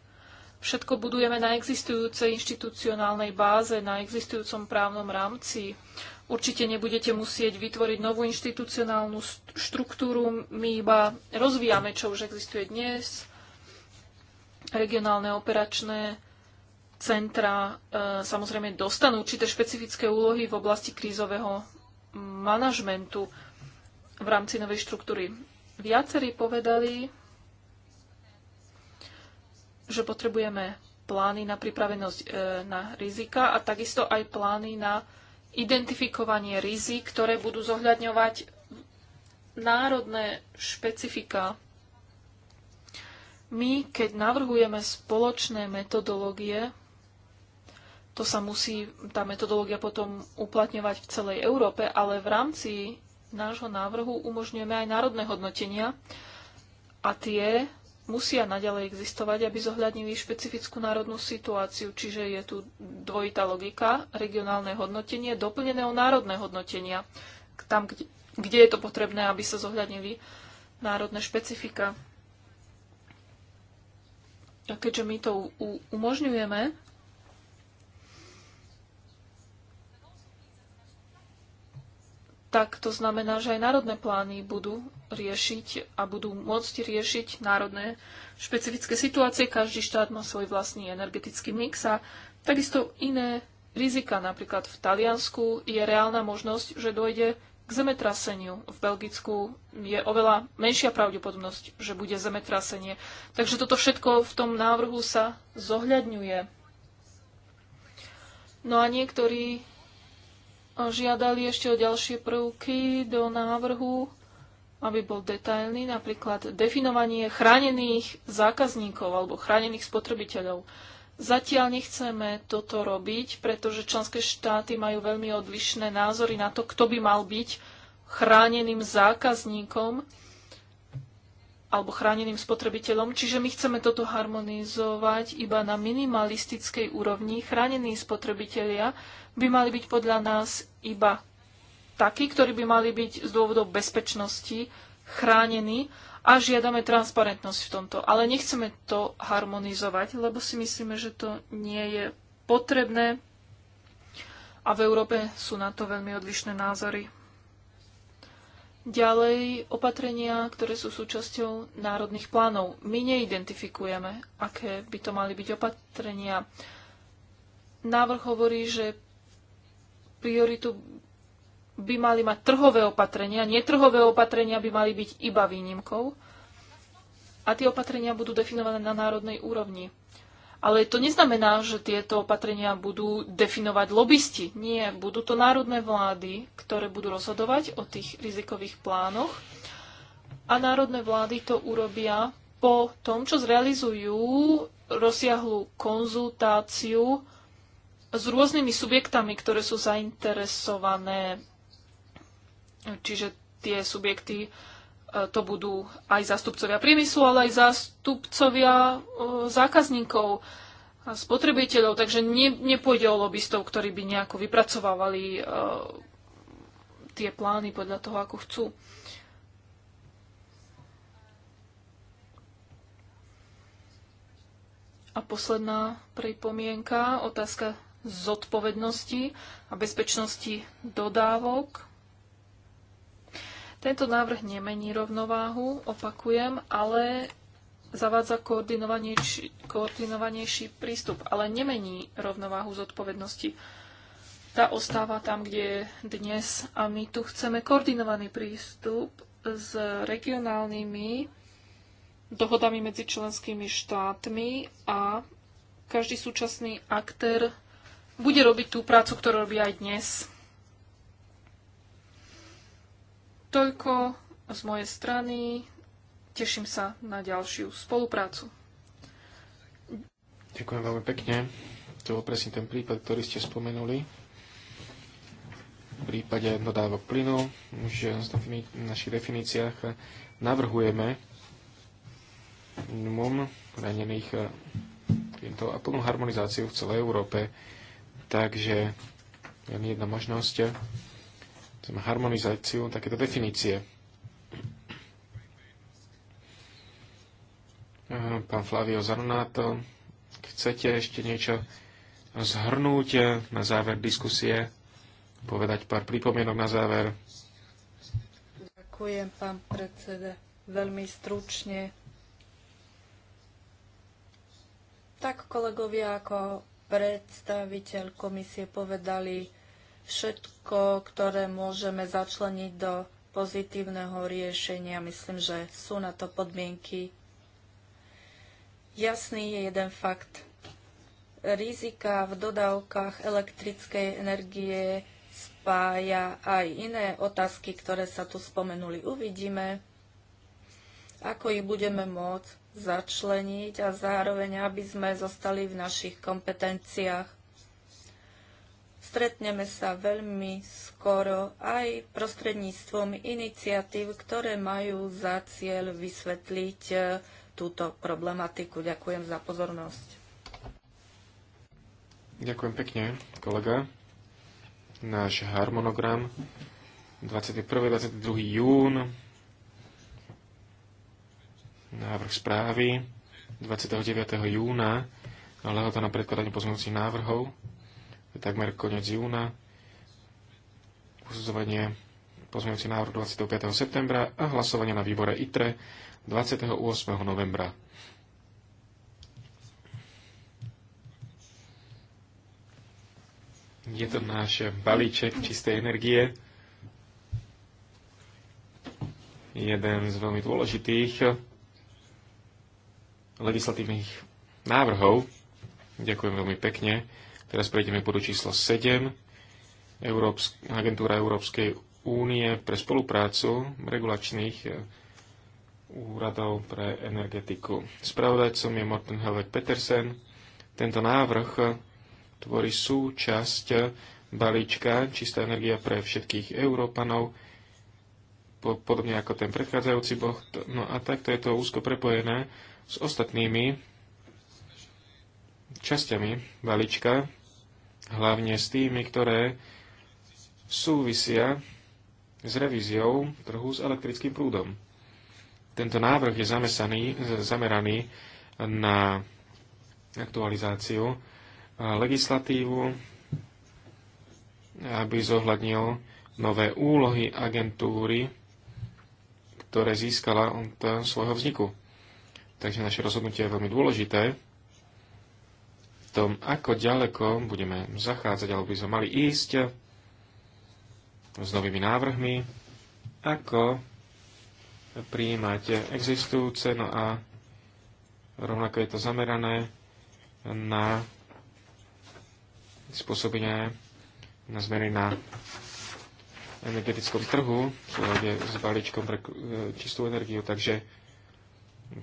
Všetko budujeme na existujúcej inštitucionálnej báze, na existujúcom právnom rámci. Určite nebudete musieť vytvoriť novú inštitucionálnu štruktúru, my iba rozvíjame, čo už existuje dnes. Regionálne operačné centra e, samozrejme dostanú určité špecifické úlohy v oblasti krízového manažmentu v rámci novej štruktúry. Viacerí povedali, že potrebujeme plány na pripravenosť e, na rizika a takisto aj plány na identifikovanie rizik, ktoré budú zohľadňovať národné špecifika. My, keď navrhujeme spoločné metodológie, to sa musí tá metodológia potom uplatňovať v celej Európe, ale v rámci nášho návrhu umožňujeme aj národné hodnotenia a tie musia naďalej existovať, aby zohľadnili špecifickú národnú situáciu, čiže je tu dvojitá logika, regionálne hodnotenie, doplnené o národné hodnotenia, tam, kde, kde je to potrebné, aby sa zohľadnili národné špecifika. A keďže my to umožňujeme, tak to znamená, že aj národné plány budú riešiť a budú môcť riešiť národné špecifické situácie. Každý štát má svoj vlastný energetický mix a takisto iné rizika. Napríklad v Taliansku je reálna možnosť, že dojde k zemetraseniu. V Belgicku je oveľa menšia pravdepodobnosť, že bude zemetrasenie. Takže toto všetko v tom návrhu sa zohľadňuje. No a niektorí žiadali ešte o ďalšie prvky do návrhu aby bol detailný, napríklad definovanie chránených zákazníkov alebo chránených spotrebiteľov. Zatiaľ nechceme toto robiť, pretože členské štáty majú veľmi odlišné názory na to, kto by mal byť chráneným zákazníkom alebo chráneným spotrebiteľom. Čiže my chceme toto harmonizovať iba na minimalistickej úrovni. Chránení spotrebitelia by mali byť podľa nás iba takí, ktorí by mali byť z dôvodov bezpečnosti chránení a žiadame transparentnosť v tomto. Ale nechceme to harmonizovať, lebo si myslíme, že to nie je potrebné a v Európe sú na to veľmi odlišné názory. Ďalej opatrenia, ktoré sú súčasťou národných plánov. My neidentifikujeme, aké by to mali byť opatrenia. Návrh hovorí, že prioritu by mali mať trhové opatrenia, netrhové opatrenia by mali byť iba výnimkou a tie opatrenia budú definované na národnej úrovni. Ale to neznamená, že tieto opatrenia budú definovať lobbysti. Nie, budú to národné vlády, ktoré budú rozhodovať o tých rizikových plánoch a národné vlády to urobia po tom, čo zrealizujú rozsiahlú konzultáciu s rôznymi subjektami, ktoré sú zainteresované Čiže tie subjekty e, to budú aj zástupcovia priemyslu, ale aj zástupcovia e, zákazníkov a spotrebiteľov, takže ne, nepôjde o lobbystov, ktorí by nejako vypracovávali e, tie plány podľa toho, ako chcú. A posledná pripomienka, otázka zodpovednosti a bezpečnosti dodávok. Tento návrh nemení rovnováhu, opakujem, ale zavádza koordinovanejší, koordinovanejší prístup, ale nemení rovnováhu zodpovednosti. Tá ostáva tam, kde je dnes a my tu chceme koordinovaný prístup s regionálnymi dohodami medzi členskými štátmi a každý súčasný aktér bude robiť tú prácu, ktorú robí aj dnes. Toľko z mojej strany. Teším sa na ďalšiu spoluprácu. Ďakujem veľmi pekne. To bol presne ten prípad, ktorý ste spomenuli. V prípade dodávok plynu už v našich definíciách navrhujeme minimum ranených klientov eh, a plnú harmonizáciu v celej Európe. Takže je jedna možnosť harmonizáciu takéto definície. Pán Flavio Zanonato, chcete ešte niečo zhrnúť na záver diskusie, povedať pár pripomienok na záver? Ďakujem, pán predseda. Veľmi stručne. Tak kolegovia ako predstaviteľ komisie povedali, všetko, ktoré môžeme začleniť do pozitívneho riešenia. Myslím, že sú na to podmienky. Jasný je jeden fakt. Rizika v dodávkach elektrickej energie spája aj iné otázky, ktoré sa tu spomenuli. Uvidíme, ako ich budeme môcť začleniť a zároveň, aby sme zostali v našich kompetenciách. Stretneme sa veľmi skoro aj prostredníctvom iniciatív, ktoré majú za cieľ vysvetliť e, túto problematiku. Ďakujem za pozornosť. Ďakujem pekne, kolega. Náš harmonogram 21. 22. jún návrh správy 29. júna lehota na predkladanie pozmeňujúcich návrhov takmer koniec júna, posudzovanie pozmeňujúci návrh 25. septembra a hlasovanie na výbore ITRE 28. novembra. Je to náš balíček čistej energie. Jeden z veľmi dôležitých legislatívnych návrhov. Ďakujem veľmi pekne Teraz prejdeme k bodu číslo 7. Európsk, agentúra Európskej únie pre spoluprácu regulačných e, úradov pre energetiku. Spravodajcom je Morten Helvek Petersen. Tento návrh tvorí súčasť balíčka Čistá energia pre všetkých Európanov, podobne ako ten predchádzajúci boh. No a takto je to úzko prepojené s ostatnými časťami balíčka, hlavne s tými, ktoré súvisia s revíziou trhu s elektrickým prúdom. Tento návrh je zamesaný zameraný na aktualizáciu legislatívu, aby zohľadnil nové úlohy agentúry, ktoré získala od svojho vzniku. Takže naše rozhodnutie je veľmi dôležité tom, ako ďaleko budeme zachádzať, alebo by sme mali ísť s novými návrhmi, ako prijímať existujúce, no a rovnako je to zamerané na spôsobenie na zmeny na energetickom trhu s balíčkom pre e, čistú energiu, takže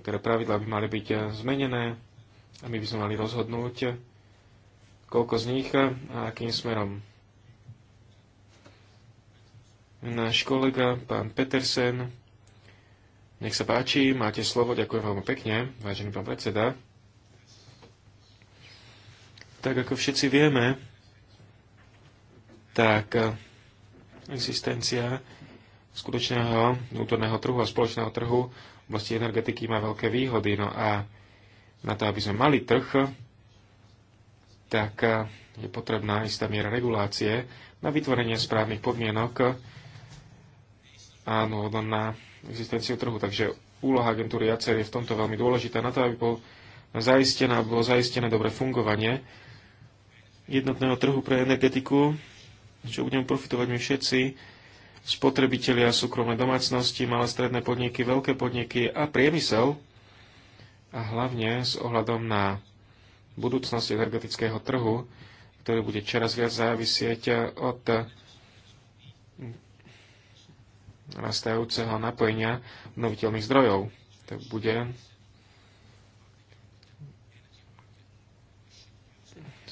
ktoré pravidlá by mali byť e, zmenené, a my by sme mali rozhodnúť, koľko z nich a akým smerom. Náš kolega, pán Petersen, nech sa páči, máte slovo, ďakujem veľmi pekne, vážený pán predseda. Tak ako všetci vieme, tak existencia skutočného vnútorného trhu a spoločného trhu v oblasti energetiky má veľké výhody. No a na to, aby sme mali trh, tak eh, je potrebná istá miera regulácie na vytvorenie správnych podmienok a na existenciu trhu. Takže úloha agentúry ACER je v tomto veľmi dôležitá na to, aby bol zaistené, aby bolo zaistené dobre fungovanie jednotného trhu pre energetiku, čo budeme profitovať my všetci, spotrebitelia, súkromné domácnosti, malé stredné podniky, veľké podniky a priemysel, a hlavne s ohľadom na budúcnosť energetického trhu, ktorý bude čoraz viac závisieť od rastajúceho napojenia obnoviteľných zdrojov. To bude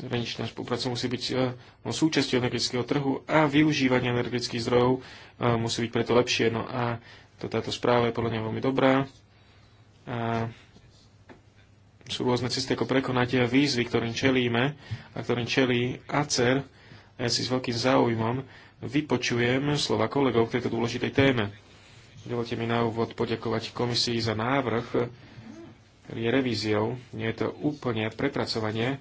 Zraničná spolupráca musí byť eh, no, súčasťou energetického trhu a využívanie energetických zdrojov eh, musí byť preto lepšie. No a to, táto správa je podľa mňa veľmi dobrá. A sú rôzne cesty, ako prekonať výzvy, ktorým čelíme a ktorým čelí ACER. A ja si s veľkým záujmom vypočujem slova kolegov k tejto dôležitej téme. Dovolte mi na úvod poďakovať komisii za návrh, ktorý je revíziou. Nie je to úplne prepracovanie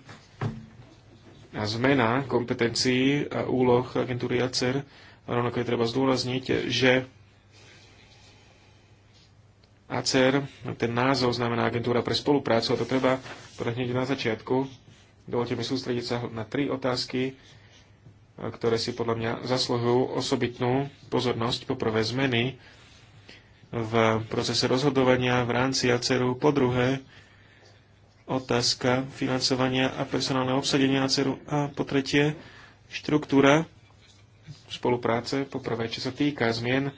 a zmena kompetencií a úloh agentúry ACER. rovnako je treba zdôrazniť, že ACER, ten názov znamená Agentúra pre spoluprácu, a to treba hneď na začiatku. Dovolte mi sústrediť sa na tri otázky, ktoré si podľa mňa zasluhujú osobitnú pozornosť. Poprvé zmeny v procese rozhodovania v rámci ACERu. Po druhé, otázka financovania a personálne obsadenia ACERu. A po tretie, štruktúra spolupráce. Po prvé, čo sa týka zmien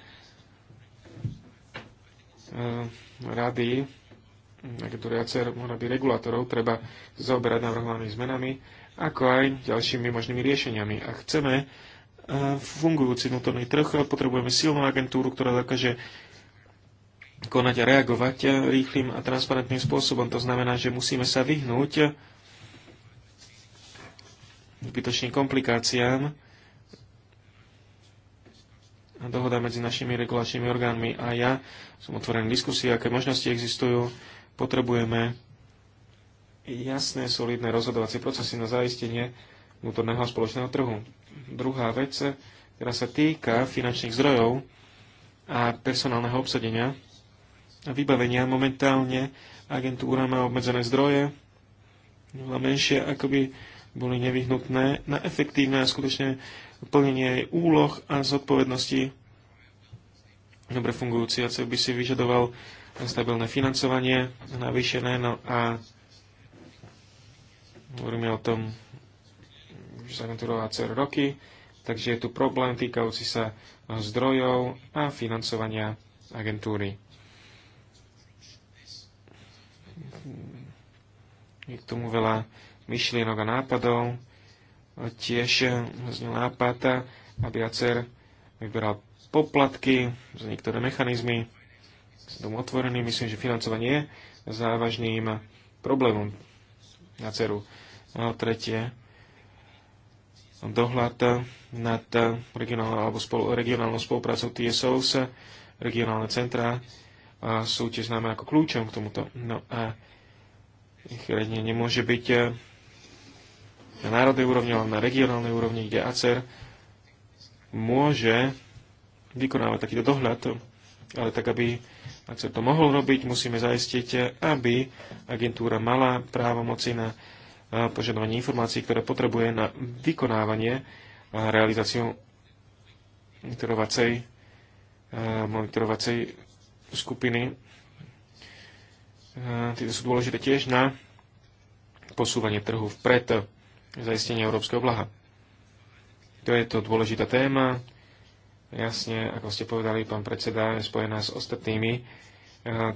Eh, rady, agentúry ACR, rady regulátorov, treba zaoberať navrhovanými zmenami, ako aj ďalšími možnými riešeniami. A chceme eh, fungujúci vnútorný trh, eh, potrebujeme silnú agentúru, ktorá dokáže konať a reagovať rýchlým a transparentným spôsobom. To znamená, že musíme sa vyhnúť zbytočným komplikáciám, dohoda medzi našimi regulačnými orgánmi a ja. Som otvorený diskusii, aké možnosti existujú. Potrebujeme jasné, solidné rozhodovacie procesy na zaistenie vnútorného spoločného trhu. Druhá vec, ktorá sa týka finančných zdrojov a personálneho obsadenia a vybavenia, momentálne agentúra má obmedzené zdroje, menšie, ako by boli nevyhnutné na efektívne a skutočne plnenie jej úloh a zodpovednosti Dobre fungujúci a by si vyžadoval stabilné financovanie, navýšené, no a hovoríme o tom, že sa agentúrová celé roky, takže je tu problém týkajúci sa zdrojov a financovania agentúry. Je k tomu veľa myšlienok a nápadov tiež znel nápad, aby ACER vyberal poplatky za niektoré mechanizmy. Som tomu otvorený, myslím, že financovanie je závažným problémom ceru. A tretie, dohľad nad regionálnou, alebo spolu, regionálnou spoluprácou TSOs, regionálne centrá sú tiež známe ako kľúčom k tomuto. No a ich nemôže byť na národnej úrovni, ale na regionálnej úrovni, kde ACER môže vykonávať takýto dohľad, ale tak, aby ACER to mohol robiť, musíme zaistiť, aby agentúra mala právomoci na eh, požadovanie informácií, ktoré potrebuje na vykonávanie a realizáciu monitorovacej, eh, monitorovacej skupiny. Eh, tieto sú dôležité tiež na posúvanie trhu vpred zaistenie európskeho blaha. To je to dôležitá téma. Jasne, ako ste povedali, pán predseda, je spojená s ostatnými eh,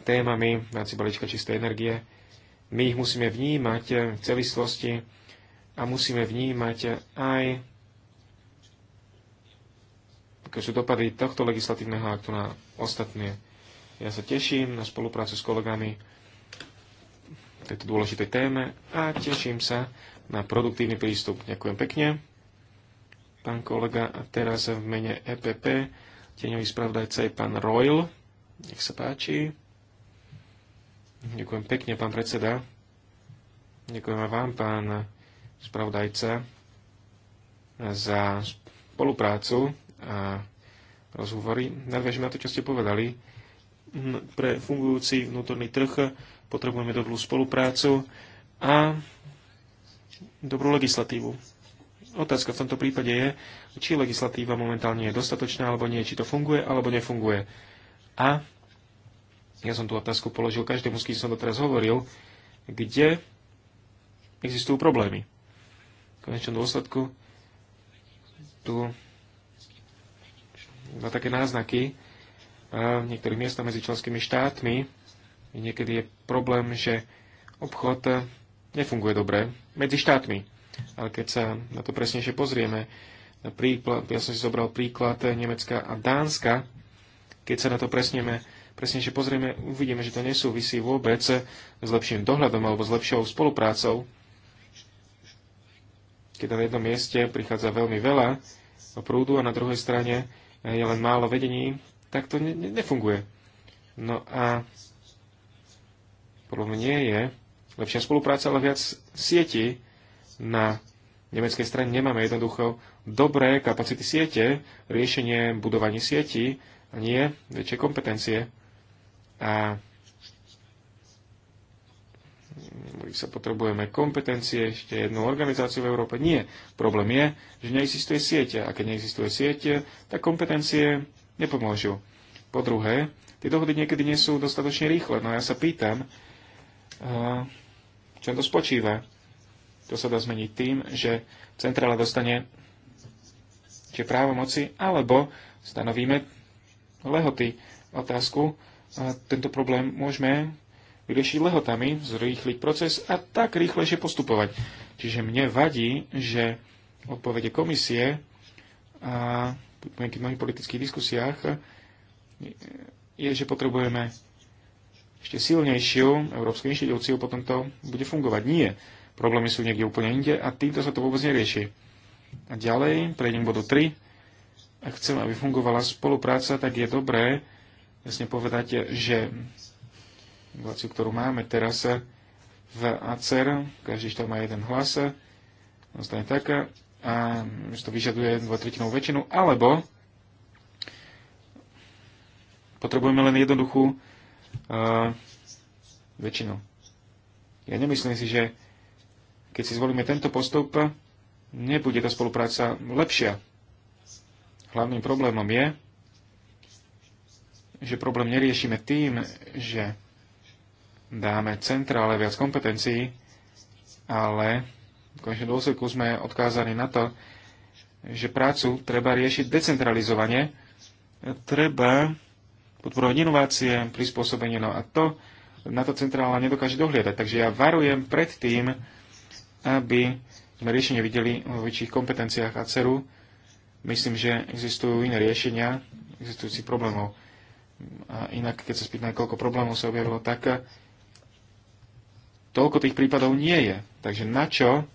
témami v rámci balíčka čistej energie. My ich musíme vnímať eh, v celistvosti a musíme vnímať aj aké sú dopady tohto legislatívneho aktu na ostatné. Ja sa teším na spoluprácu s kolegami v tejto dôležitej téme a teším sa na produktívny prístup. Ďakujem pekne, pán kolega. A teraz v mene EPP tieňový spravodajca je pán Royal. Nech sa páči. Ďakujem pekne, pán predseda. Ďakujem aj vám, pán spravodajca, za spoluprácu a rozhovory. Nadviažem na to, čo ste povedali. Pre fungujúci vnútorný trh potrebujeme dobrú spoluprácu a dobrú legislatívu. Otázka v tomto prípade je, či legislatíva momentálne je dostatočná alebo nie, či to funguje alebo nefunguje. A ja som tú otázku položil každému, s kým som doteraz hovoril, kde existujú problémy. V konečnom dôsledku tu na také náznaky v niektorých miestach medzi členskými štátmi niekedy je problém, že obchod nefunguje dobre medzi štátmi. Ale keď sa na to presnejšie pozrieme, príklad, ja som si zobral príklad Nemecka a Dánska, keď sa na to presnieme, presnejšie pozrieme, uvidíme, že to nesúvisí vôbec s lepším dohľadom alebo s lepšou spoluprácou. Keď na jednom mieste prichádza veľmi veľa prúdu a na druhej strane je len málo vedení, tak to ne- nefunguje. No a podľa nie je lepšia spolupráca, ale viac sieti na nemeckej strane. Nemáme jednoducho dobré kapacity siete, riešenie budovania sieti a nie väčšie kompetencie. A my sa potrebujeme kompetencie, ešte jednu organizáciu v Európe. Nie. Problém je, že neexistuje siete. A keď neexistuje siete, tak kompetencie nepomôžu. Po druhé, tie dohody niekedy nie sú dostatočne rýchle. No ja sa pýtam, čom to spočíva? To sa dá zmeniť tým, že centrála dostane tie právomoci, alebo stanovíme lehoty. Otázku, a tento problém môžeme vyriešiť lehotami, zrýchliť proces a tak rýchlejšie postupovať. Čiže mne vadí, že odpovede komisie a v mnohých politických diskusiách je, že potrebujeme ešte silnejšiu európsku inštitúciu, potom to bude fungovať. Nie. Problémy sú niekde úplne inde a týmto sa to vôbec nerieši. A ďalej, prejdem bodu 3. Ak chcem, aby fungovala spolupráca, tak je dobré jasne povedať, že vláciu, ktorú máme teraz v ACER, každý štát má jeden hlas, zostane taká a že to vyžaduje dvotretinovú väčšinu, alebo potrebujeme len jednoduchú uh, väčšinu. Ja nemyslím si, že keď si zvolíme tento postup, nebude tá spolupráca lepšia. Hlavným problémom je, že problém neriešime tým, že dáme centrále viac kompetencií, ale v konečnom dôsledku sme odkázaní na to, že prácu treba riešiť decentralizovanie, treba podporovať inovácie, prispôsobenie. No a to na to centrála nedokáže dohliadať. Takže ja varujem pred tým, aby sme riešenie videli vo väčších kompetenciách a ACERu. Myslím, že existujú iné riešenia existujúcich problémov. A inak, keď sa spýtame, koľko problémov sa objavilo, tak toľko tých prípadov nie je. Takže na čo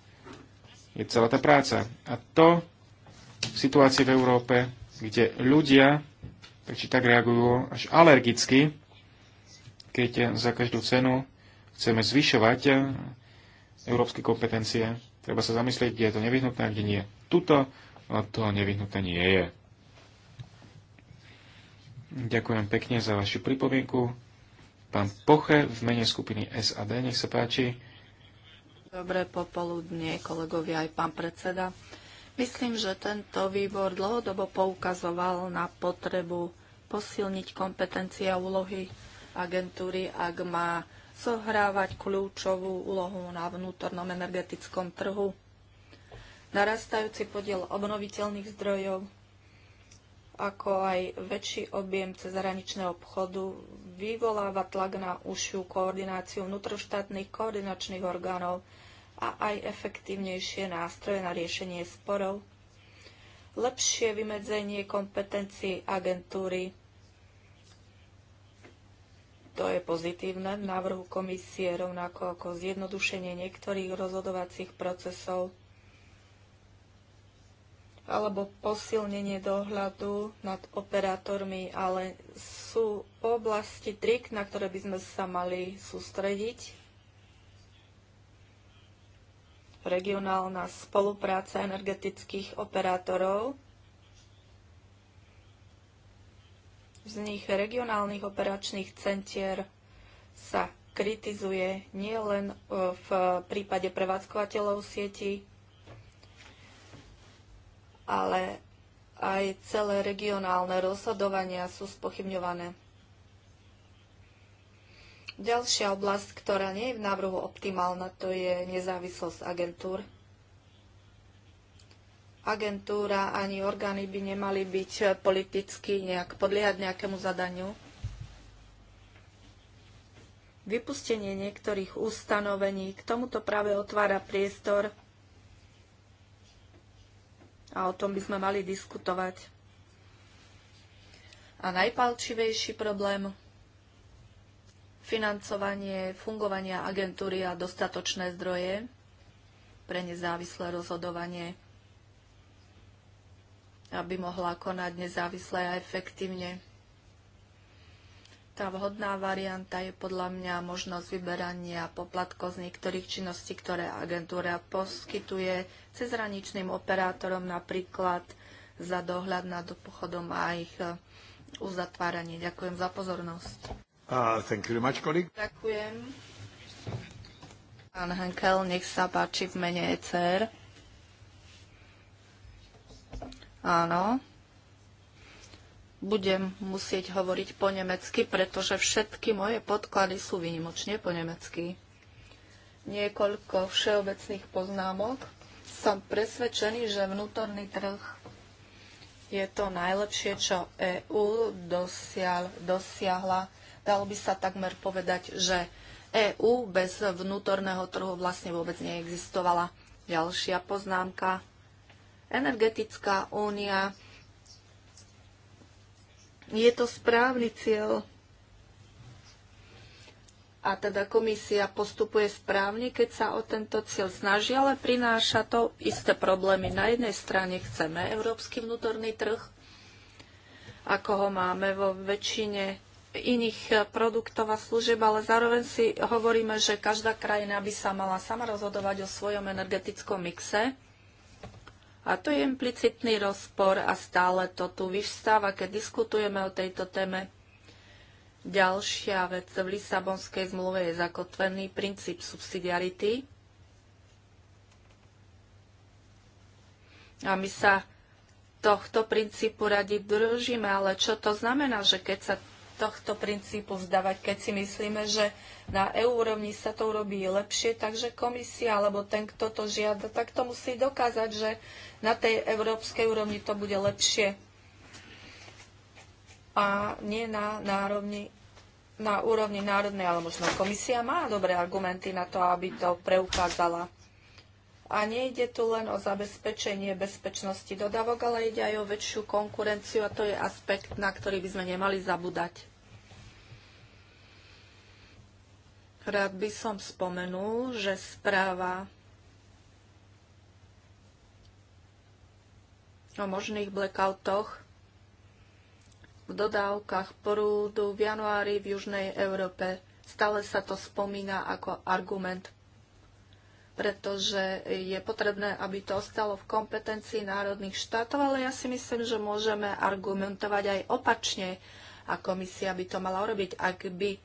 je celá tá práca? A to v situácii v Európe, kde ľudia Takže tak reagujú až alergicky, keď za každú cenu chceme zvyšovať európske kompetencie. Treba sa zamyslieť, kde je to nevyhnutné a kde nie. Tuto to nevyhnutné nie je. Ďakujem pekne za vašu pripomienku. Pán Poche v mene skupiny SAD, nech sa páči. Dobré popoludne, kolegovia aj pán predseda. Myslím, že tento výbor dlhodobo poukazoval na potrebu posilniť kompetencie a úlohy agentúry, ak má zohrávať kľúčovú úlohu na vnútornom energetickom trhu. Narastajúci podiel obnoviteľných zdrojov, ako aj väčší objem cezhraničného obchodu, vyvoláva tlak na užšiu koordináciu vnútroštátnych koordinačných orgánov a aj efektívnejšie nástroje na riešenie sporov, lepšie vymedzenie kompetencií agentúry. To je pozitívne v návrhu komisie, rovnako ako zjednodušenie niektorých rozhodovacích procesov alebo posilnenie dohľadu nad operátormi, ale sú oblasti trik, na ktoré by sme sa mali sústrediť regionálna spolupráca energetických operátorov. Z nich regionálnych operačných centier sa kritizuje nielen e, v prípade prevádzkovateľov sieti, ale aj celé regionálne rozhodovania sú spochybňované. Ďalšia oblasť, ktorá nie je v návrhu optimálna, to je nezávislosť agentúr. Agentúra ani orgány by nemali byť politicky nejak podliehať nejakému zadaniu. Vypustenie niektorých ustanovení k tomuto práve otvára priestor a o tom by sme mali diskutovať. A najpalčivejší problém financovanie fungovania agentúry a dostatočné zdroje pre nezávislé rozhodovanie, aby mohla konať nezávisle a efektívne. Tá vhodná varianta je podľa mňa možnosť vyberania poplatkov z niektorých činností, ktoré agentúra poskytuje cezhraničným operátorom, napríklad za dohľad nad pochodom a ich eh, uzatváranie. Ďakujem za pozornosť. Uh, thank you very much, colleague. Ďakujem. Pán Henkel, nech sa páči v mene ECR. Áno. Budem musieť hovoriť po nemecky, pretože všetky moje podklady sú výnimočne po nemecky. Niekoľko všeobecných poznámok. Som presvedčený, že vnútorný trh je to najlepšie, čo EÚ dosiahla Dalo by sa takmer povedať, že EÚ bez vnútorného trhu vlastne vôbec neexistovala. Ďalšia poznámka. Energetická únia. Je to správny cieľ. A teda komisia postupuje správne, keď sa o tento cieľ snaží, ale prináša to isté problémy. Na jednej strane chceme európsky vnútorný trh, ako ho máme vo väčšine iných e, produktov a služieb, ale zároveň si hovoríme, že každá krajina by sa mala sama rozhodovať o svojom energetickom mixe. A to je implicitný rozpor a stále to tu vyvstáva, keď diskutujeme o tejto téme. Ďalšia vec v Lisabonskej zmluve je zakotvený princíp subsidiarity. A my sa tohto princípu radi držíme, ale čo to znamená, že keď sa tohto princípu vzdávať, keď si myslíme, že na EU úrovni sa to urobí lepšie, takže komisia alebo ten, kto to žiada, tak to musí dokázať, že na tej európskej úrovni to bude lepšie a nie na, národni, na úrovni národnej, ale možno komisia má dobré argumenty na to, aby to preukázala. A nejde tu len o zabezpečenie bezpečnosti dodávok, ale ide aj o väčšiu konkurenciu a to je aspekt, na ktorý by sme nemali zabúdať. Rád by som spomenul, že správa o možných blackoutoch v dodávkach prúdu v januári v Južnej Európe. Stále sa to spomína ako argument, pretože je potrebné, aby to ostalo v kompetencii národných štátov, ale ja si myslím, že môžeme argumentovať aj opačne a komisia by to mala urobiť, ak by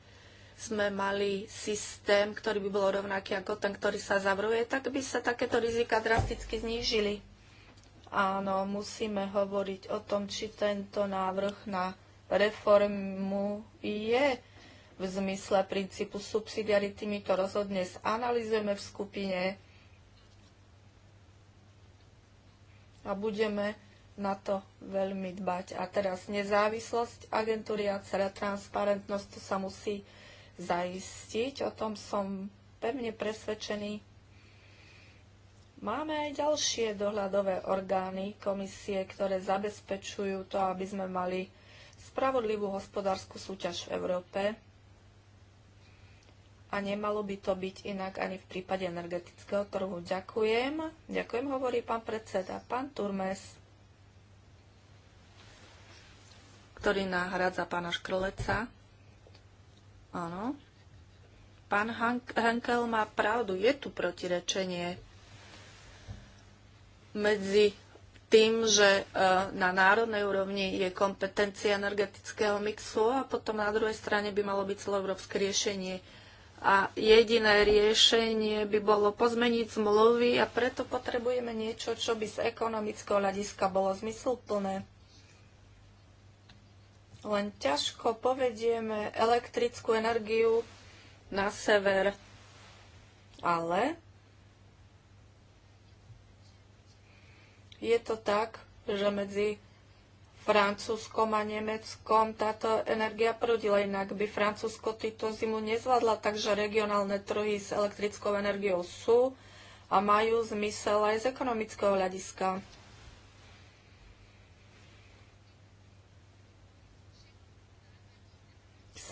sme mali systém, ktorý by bol rovnaký ako ten, ktorý sa zavruje, tak by sa takéto rizika drasticky znížili. Áno, musíme hovoriť o tom, či tento návrh na reformu je v zmysle princípu subsidiarity. My to rozhodne zanalizujeme v skupine a budeme na to veľmi dbať. A teraz nezávislosť agentúry a celá transparentnosť, to sa musí zaistiť. O tom som pevne presvedčený. Máme aj ďalšie dohľadové orgány, komisie, ktoré zabezpečujú to, aby sme mali spravodlivú hospodárskú súťaž v Európe. A nemalo by to byť inak ani v prípade energetického trhu. Ďakujem. Ďakujem, hovorí pán predseda. Pán Turmes, ktorý nahradza pána Škrleca. Áno. Pán Hankel má pravdu, je tu protirečenie medzi tým, že e, na národnej úrovni je kompetencia energetického mixu a potom na druhej strane by malo byť celoeurópske riešenie. A jediné riešenie by bolo pozmeniť zmluvy a preto potrebujeme niečo, čo by z ekonomického hľadiska bolo zmysluplné. Len ťažko povedieme elektrickú energiu na sever, ale je to tak, že medzi Francúzskom a Nemeckom táto energia prudila, inak by Francúzsko týto zimu nezvládla, takže regionálne trhy s elektrickou energiou sú a majú zmysel aj z ekonomického hľadiska.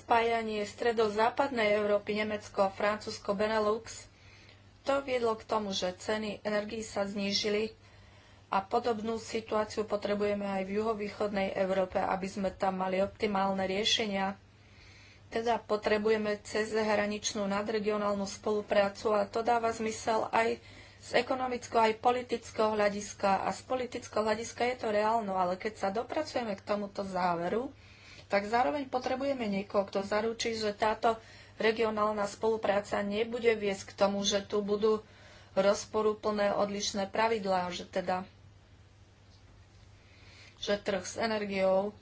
spájanie stredozápadnej Európy, Nemecko, Francúzsko, Benelux, to viedlo k tomu, že ceny energií sa znížili a podobnú situáciu potrebujeme aj v juhovýchodnej Európe, aby sme tam mali optimálne riešenia. Teda potrebujeme cez zahraničnú nadregionálnu spoluprácu a to dáva zmysel aj z ekonomického, aj politického hľadiska. A z politického hľadiska je to reálno, ale keď sa dopracujeme k tomuto záveru, tak zároveň potrebujeme niekoho, kto zaručí, že táto regionálna spolupráca nebude viesť k tomu, že tu budú rozporúplné odlišné pravidlá, že teda že trh s energiou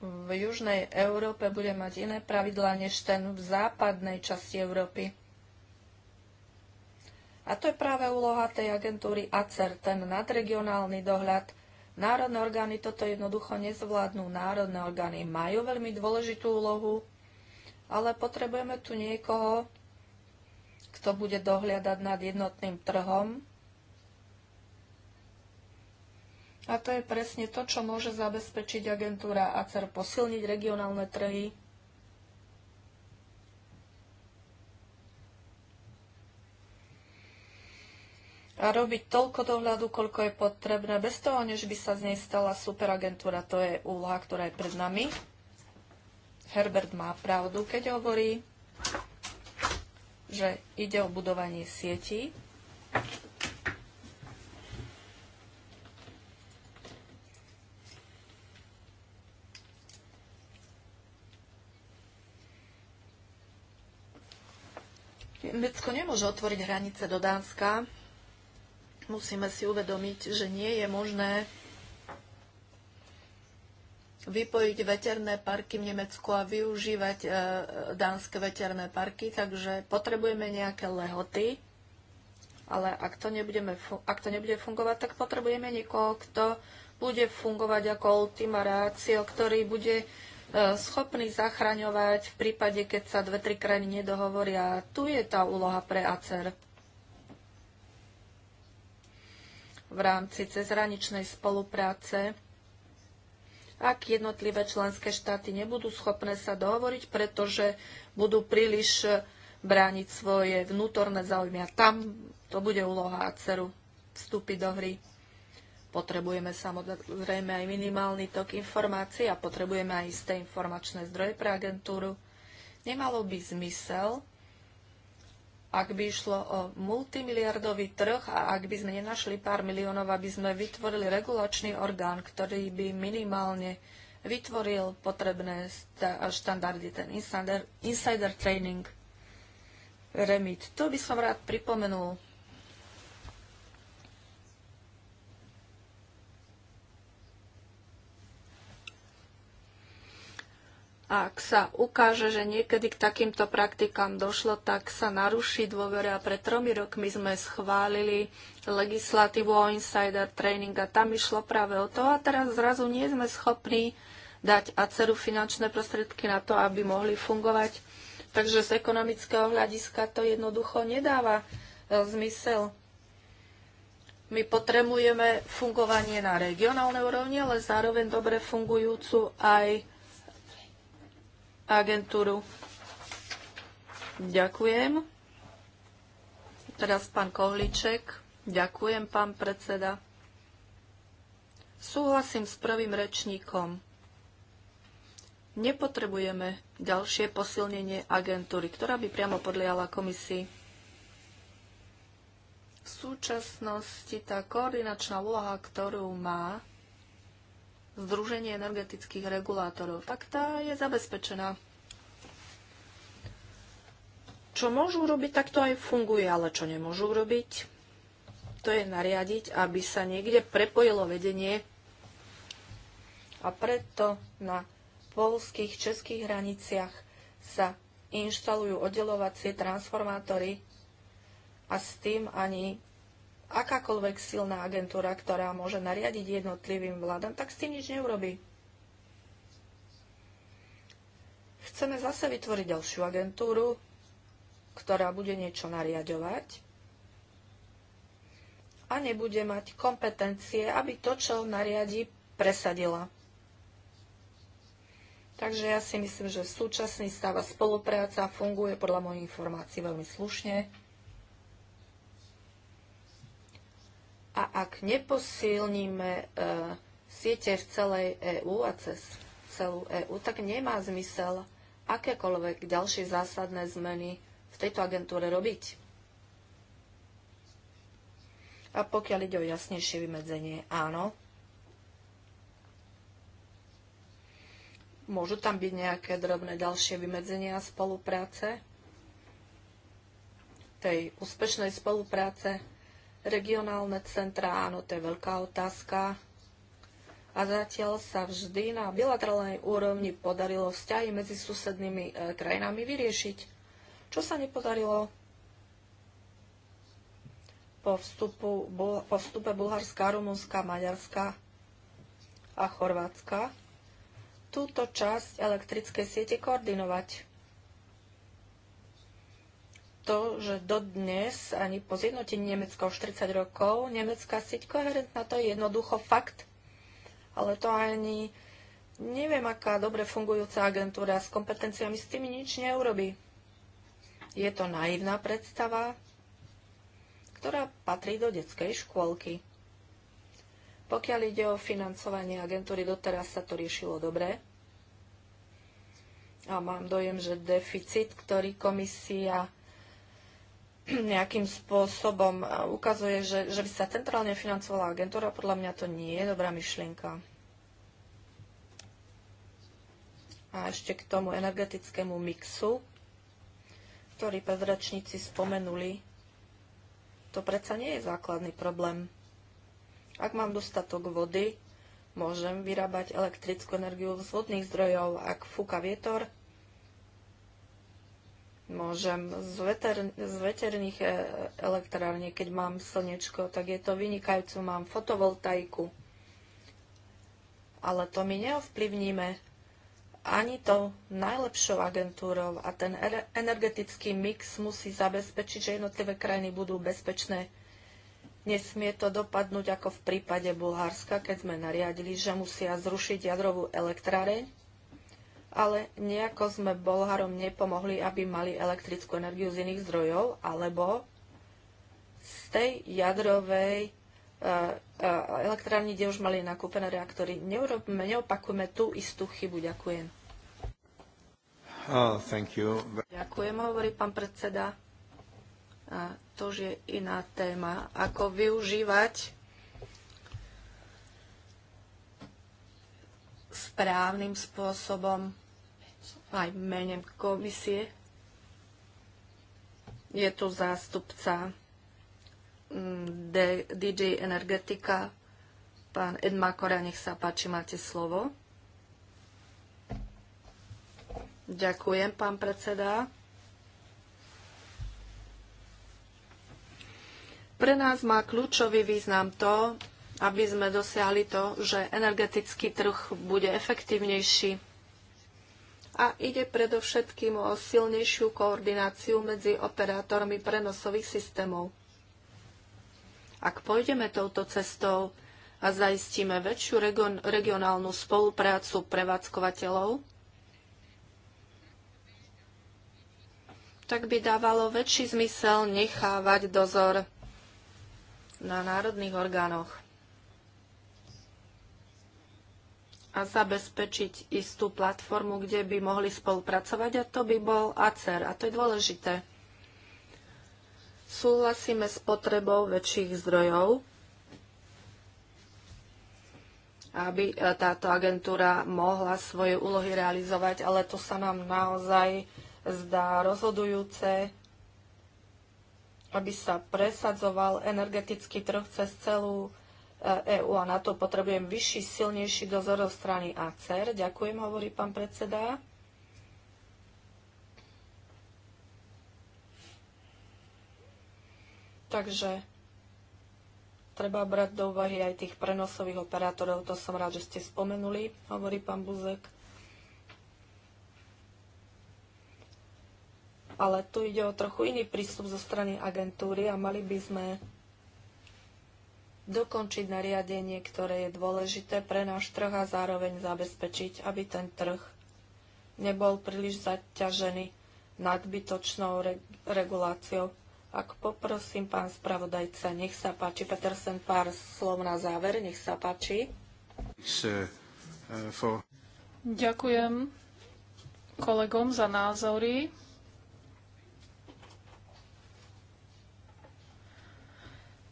v južnej Európe bude mať iné pravidlá než ten v západnej časti Európy. A to je práve úloha tej agentúry ACER, ten nadregionálny dohľad. Národné orgány toto jednoducho nezvládnu. Národné orgány majú veľmi dôležitú úlohu, ale potrebujeme tu niekoho, kto bude dohliadať nad jednotným trhom. A to je presne to, čo môže zabezpečiť agentúra ACER, posilniť regionálne trhy a robiť toľko dohľadu, koľko je potrebné, bez toho, než by sa z nej stala superagentúra. To je úloha, ktorá je pred nami. Herbert má pravdu, keď hovorí, že ide o budovanie sietí. Nemecko nemôže otvoriť hranice do Dánska, Musíme si uvedomiť, že nie je možné vypojiť veterné parky v Nemecku a využívať e, dánske veterné parky, takže potrebujeme nejaké lehoty, ale ak to, nebudeme, ak to nebude fungovať, tak potrebujeme niekoho, kto bude fungovať ako ultima ratio, ktorý bude e, schopný zachraňovať v prípade, keď sa dve, tri krajiny nedohovoria. Tu je tá úloha pre ACER. v rámci cezhraničnej spolupráce. Ak jednotlivé členské štáty nebudú schopné sa dohovoriť, pretože budú príliš e, brániť svoje vnútorné záujmy. A tam to bude úloha ACERu vstúpiť do hry. Potrebujeme samozrejme aj minimálny tok informácií a potrebujeme aj isté informačné zdroje pre agentúru. Nemalo by zmysel ak by išlo o multimiliardový trh a ak by sme nenašli pár miliónov, aby sme vytvorili regulačný orgán, ktorý by minimálne vytvoril potrebné štandardy, ten insider, insider training remit. To by som rád pripomenul. Ak sa ukáže, že niekedy k takýmto praktikám došlo, tak sa naruší dôvera. Pred tromi rokmi sme schválili legislatívu o insider training a tam išlo práve o to a teraz zrazu nie sme schopní dať ACERu finančné prostriedky na to, aby mohli fungovať. Takže z ekonomického hľadiska to jednoducho nedáva e, zmysel. My potrebujeme fungovanie na regionálnej úrovni, ale zároveň dobre fungujúcu aj agentúru. Ďakujem. Teraz pán Kohliček. Ďakujem, pán predseda. Súhlasím s prvým rečníkom. Nepotrebujeme ďalšie posilnenie agentúry, ktorá by priamo podliala komisii. V súčasnosti tá koordinačná úloha, ktorú má, Združenie energetických regulátorov, tak tá je zabezpečená. Čo môžu robiť, tak to aj funguje, ale čo nemôžu robiť, to je nariadiť, aby sa niekde prepojilo vedenie. A preto na polských, českých hraniciach sa inštalujú oddelovacie transformátory a s tým ani akákoľvek silná agentúra, ktorá môže nariadiť jednotlivým vládam, tak s tým nič neurobí. Chceme zase vytvoriť ďalšiu agentúru, ktorá bude niečo nariadovať a nebude mať kompetencie, aby to, čo nariadi, presadila. Takže ja si myslím, že súčasný stav a spolupráca funguje podľa mojich informácií veľmi slušne. A ak neposilníme e, siete v celej EÚ a cez celú EÚ, tak nemá zmysel akékoľvek ďalšie zásadné zmeny v tejto agentúre robiť. A pokiaľ ide o jasnejšie vymedzenie, áno, môžu tam byť nejaké drobné ďalšie vymedzenia spolupráce, tej úspešnej spolupráce, Regionálne centrá, áno, to je veľká otázka. A zatiaľ sa vždy na bilaterálnej úrovni podarilo vzťahy medzi susednými e, krajinami vyriešiť. Čo sa nepodarilo po, vstupu, po vstupe Bulharska, Rumunska, Maďarska a Chorvátska túto časť elektrickej siete koordinovať to, že dodnes ani po zjednotení Nemecka už 40 rokov nemecká sieť koherentná, to je jednoducho fakt. Ale to ani neviem, aká dobre fungujúca agentúra s kompetenciami s tými nič neurobi. Je to naivná predstava, ktorá patrí do detskej škôlky. Pokiaľ ide o financovanie agentúry, doteraz sa to riešilo dobre. A mám dojem, že deficit, ktorý komisia nejakým spôsobom ukazuje, že, že by sa centrálne financovala agentúra. Podľa mňa to nie je dobrá myšlienka. A ešte k tomu energetickému mixu, ktorý predračníci spomenuli. To predsa nie je základný problém. Ak mám dostatok vody, môžem vyrábať elektrickú energiu z vodných zdrojov. Ak fúka vietor, môžem z, veter, z veterných e, elektrární, keď mám slnečko, tak je to vynikajúco, mám fotovoltaiku. Ale to my neovplyvníme ani tou najlepšou agentúrou a ten energetický mix musí zabezpečiť, že jednotlivé krajiny budú bezpečné. Nesmie to dopadnúť ako v prípade Bulharska, keď sme nariadili, že musia zrušiť jadrovú elektráreň ale nejako sme Bolharom nepomohli, aby mali elektrickú energiu z iných zdrojov, alebo z tej jadrovej e, e, elektrárni, kde už mali nakúpené reaktory. Neurobme, neopakujme tú istú chybu. Ďakujem. Oh, thank you. Ďakujem, hovorí pán predseda. A to už je iná téma. Ako využívať správnym spôsobom aj menem komisie. Je tu zástupca mm, DJ Energetika, pán Edma Kora, nech sa páči, máte slovo. Ďakujem, pán predseda. Pre nás má kľúčový význam to, aby sme dosiahli to, že energetický trh bude efektívnejší a ide predovšetkým o silnejšiu koordináciu medzi operátormi prenosových systémov. Ak pôjdeme touto cestou a zaistíme väčšiu region, regionálnu spoluprácu prevádzkovateľov, tak by dávalo väčší zmysel nechávať dozor na národných orgánoch. a zabezpečiť istú platformu, kde by mohli spolupracovať a to by bol ACER a to je dôležité. Súhlasíme s potrebou väčších zdrojov, aby e, táto agentúra mohla svoje úlohy realizovať, ale to sa nám naozaj zdá rozhodujúce, aby sa presadzoval energetický trh cez celú EÚ e a na to potrebujem vyšší, silnejší dozor zo strany ACER. Ďakujem, hovorí pán predseda. Takže treba brať do úvahy aj tých prenosových operátorov, to som rád, že ste spomenuli, hovorí pán Buzek. Ale tu ide o trochu iný prístup zo strany agentúry a mali by sme dokončiť nariadenie, ktoré je dôležité pre náš trh a zároveň zabezpečiť, aby ten trh nebol príliš zaťažený nadbytočnou re- reguláciou. Ak poprosím pán spravodajca, nech sa páči. Petersen, pár slov na záver, nech sa páči. Ďakujem kolegom za názory.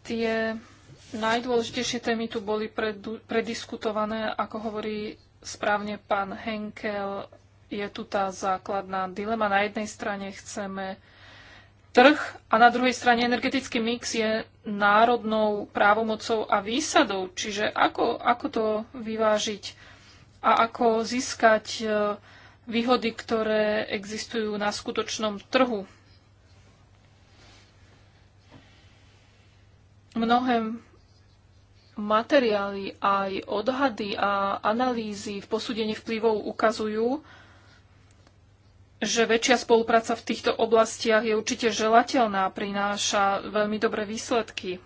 Tie Najdôležitejšie témy tu boli prediskutované, ako hovorí správne pán Henkel, je tu tá základná dilema. Na jednej strane chceme trh a na druhej strane energetický mix je národnou právomocou a výsadou. Čiže ako, ako to vyvážiť a ako získať e, výhody, ktoré existujú na skutočnom trhu. Mnohé materiály, aj odhady a analýzy v posúdení vplyvov ukazujú, že väčšia spolupráca v týchto oblastiach je určite želateľná, prináša veľmi dobré výsledky.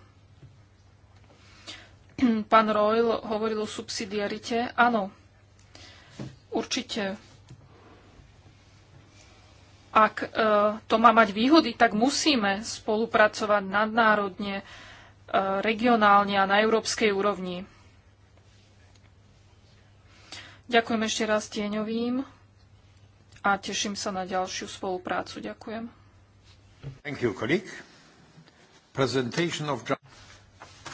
Pán Royl hovoril o subsidiarite. Áno, určite. Ak e, to má mať výhody, tak musíme spolupracovať nadnárodne. E, regionálne a na európskej úrovni. Ďakujem ešte raz tieňovým a teším sa na ďalšiu spoluprácu. Ďakujem. Thank you, of...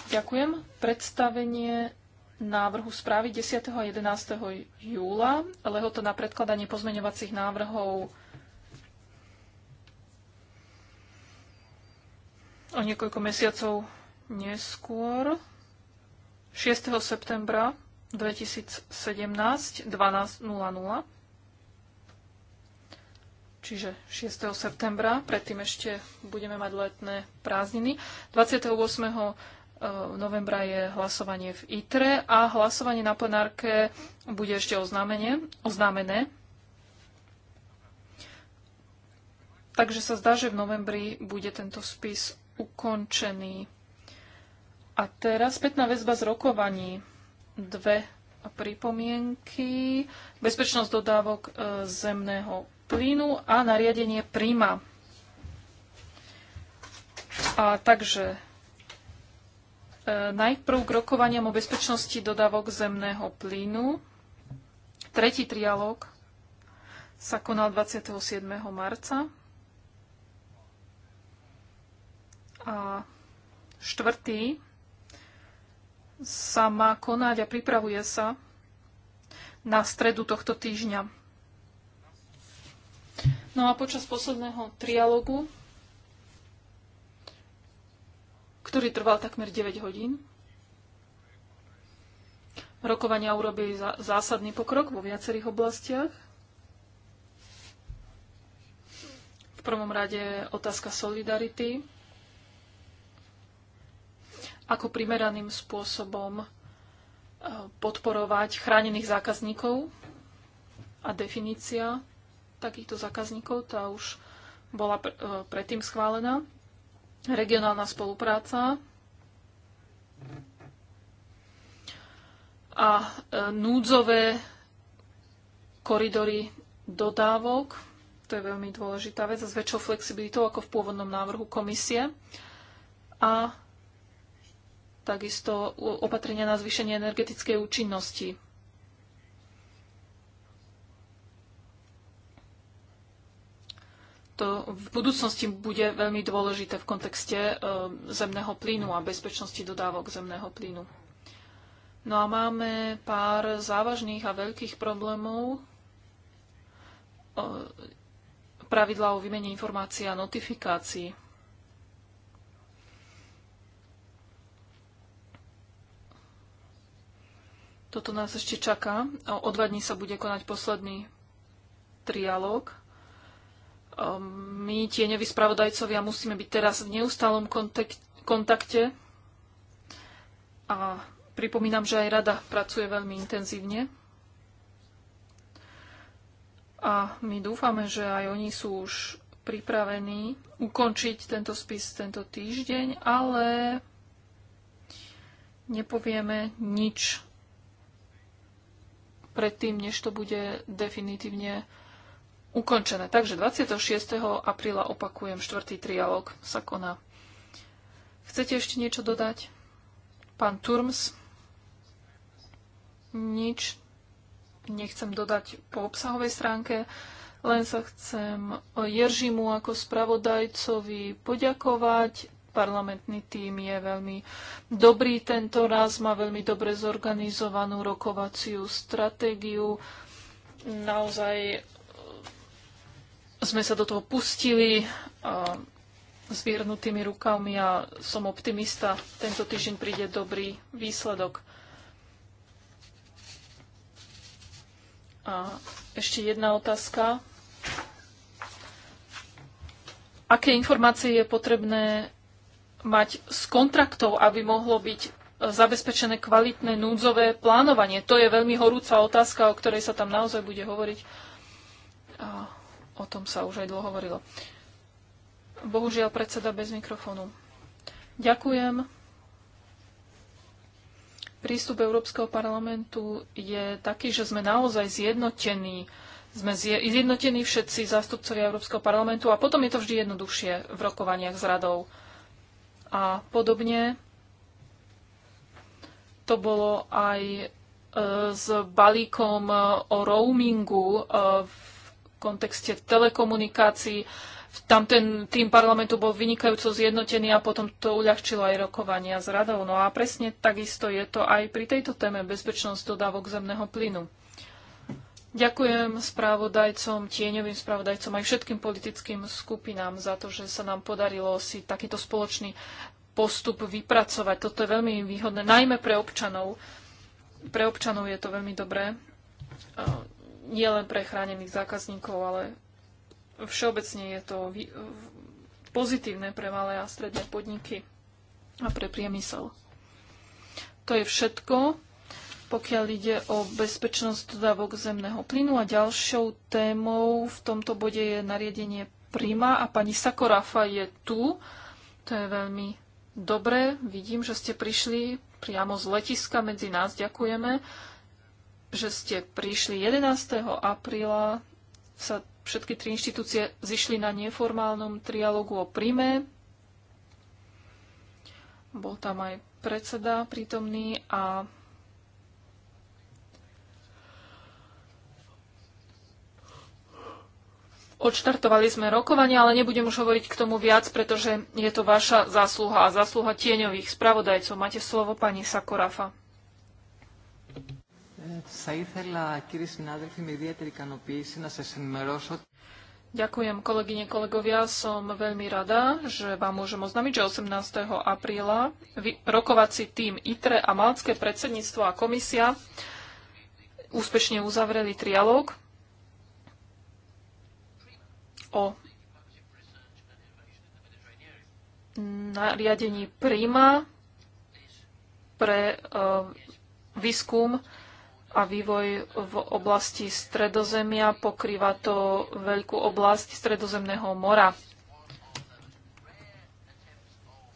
Ďakujem. Predstavenie návrhu správy 10. a 11. júla. Lehota na predkladanie pozmeňovacích návrhov o niekoľko mesiacov neskôr 6. septembra 2017 12.00. Čiže 6. septembra, predtým ešte budeme mať letné prázdniny. 28. Eh, novembra je hlasovanie v ITRE a hlasovanie na plenárke bude ešte oznámené. Takže sa zdá, že v novembri bude tento spis ukončený. A teraz spätná väzba z rokovaní. Dve pripomienky. Bezpečnosť dodávok e, zemného plynu a nariadenie príma. A takže e, najprv k rokovaniam o bezpečnosti dodávok zemného plynu. Tretí trialóg sa konal 27. marca. A štvrtý sa má konať a pripravuje sa na stredu tohto týždňa. No a počas posledného trialogu, ktorý trval takmer 9 hodín, rokovania urobili zásadný pokrok vo viacerých oblastiach. V prvom rade otázka solidarity ako primeraným spôsobom e, podporovať chránených zákazníkov a definícia takýchto zákazníkov, tá už bola e, predtým schválená. Regionálna spolupráca a e, núdzové koridory dodávok, to je veľmi dôležitá vec, a s väčšou flexibilitou ako v pôvodnom návrhu komisie. A takisto opatrenia na zvýšenie energetickej účinnosti. To v budúcnosti bude veľmi dôležité v kontexte e, zemného plynu a bezpečnosti dodávok zemného plynu. No a máme pár závažných a veľkých problémov. E, Pravidla o výmene informácií a notifikácií. Toto nás ešte čaká. O dva dní sa bude konať posledný trialóg. Ehm, my, tieňoví spravodajcovia, musíme byť teraz v neustálom kontakte a pripomínam, že aj rada pracuje veľmi intenzívne. A my dúfame, že aj oni sú už pripravení ukončiť tento spis tento týždeň, ale nepovieme nič predtým, než to bude definitívne ukončené. Takže 26. apríla, opakujem, štvrtý trialog sa koná. Chcete ešte niečo dodať? Pán Turms? Nič. Nechcem dodať po obsahovej stránke. Len sa chcem Jeržimu ako spravodajcovi poďakovať parlamentný tím je veľmi dobrý tento raz, má veľmi dobre zorganizovanú rokovaciu stratégiu. Naozaj eh, sme sa do toho pustili eh, s vyhrnutými rukami a som optimista. Tento týždeň príde dobrý výsledok. A ešte jedna otázka. Aké informácie je potrebné mať z kontraktov, aby mohlo byť e, zabezpečené kvalitné núdzové plánovanie. To je veľmi horúca otázka, o ktorej sa tam naozaj bude hovoriť. A o tom sa už aj dlho hovorilo. Bohužiaľ, predseda bez mikrofónu. Ďakujem. Prístup Európskeho parlamentu je taký, že sme naozaj zjednotení sme zjednotení všetci zástupcovia Európskeho parlamentu a potom je to vždy jednoduchšie v rokovaniach s radou a podobne. To bolo aj e, s balíkom o roamingu e, v kontexte telekomunikácií. Tam ten tým parlamentu bol vynikajúco zjednotený a potom to uľahčilo aj rokovania s radou. No a presne takisto je to aj pri tejto téme bezpečnosť dodávok zemného plynu. Ďakujem spravodajcom, tieňovým spravodajcom aj všetkým politickým skupinám za to, že sa nám podarilo si takýto spoločný postup vypracovať. Toto je veľmi výhodné, najmä pre občanov. Pre občanov je to veľmi dobré. Nie len pre chránených zákazníkov, ale všeobecne je to pozitívne pre malé a stredné podniky a pre priemysel. To je všetko pokiaľ ide o bezpečnosť dodávok zemného plynu. A ďalšou témou v tomto bode je nariadenie Prima a pani Sakorafa je tu. To je veľmi dobré. Vidím, že ste prišli priamo z letiska medzi nás. Ďakujeme, že ste prišli 11. apríla. Sa všetky tri inštitúcie zišli na neformálnom trialogu o Prime. Bol tam aj predseda prítomný a Odštartovali sme rokovanie, ale nebudem už hovoriť k tomu viac, pretože je to vaša zásluha a zásluha tieňových spravodajcov. Máte slovo, pani Sakorafa. Ďakujem, kolegyne, kolegovia. Som veľmi rada, že vám môžem oznámiť, že 18. apríla rokovací tým ITRE a Malcké predsedníctvo a komisia úspešne uzavreli trialóg o nariadení príjma pre e, výskum a vývoj v oblasti Stredozemia. Pokrýva to veľkú oblasť Stredozemného mora.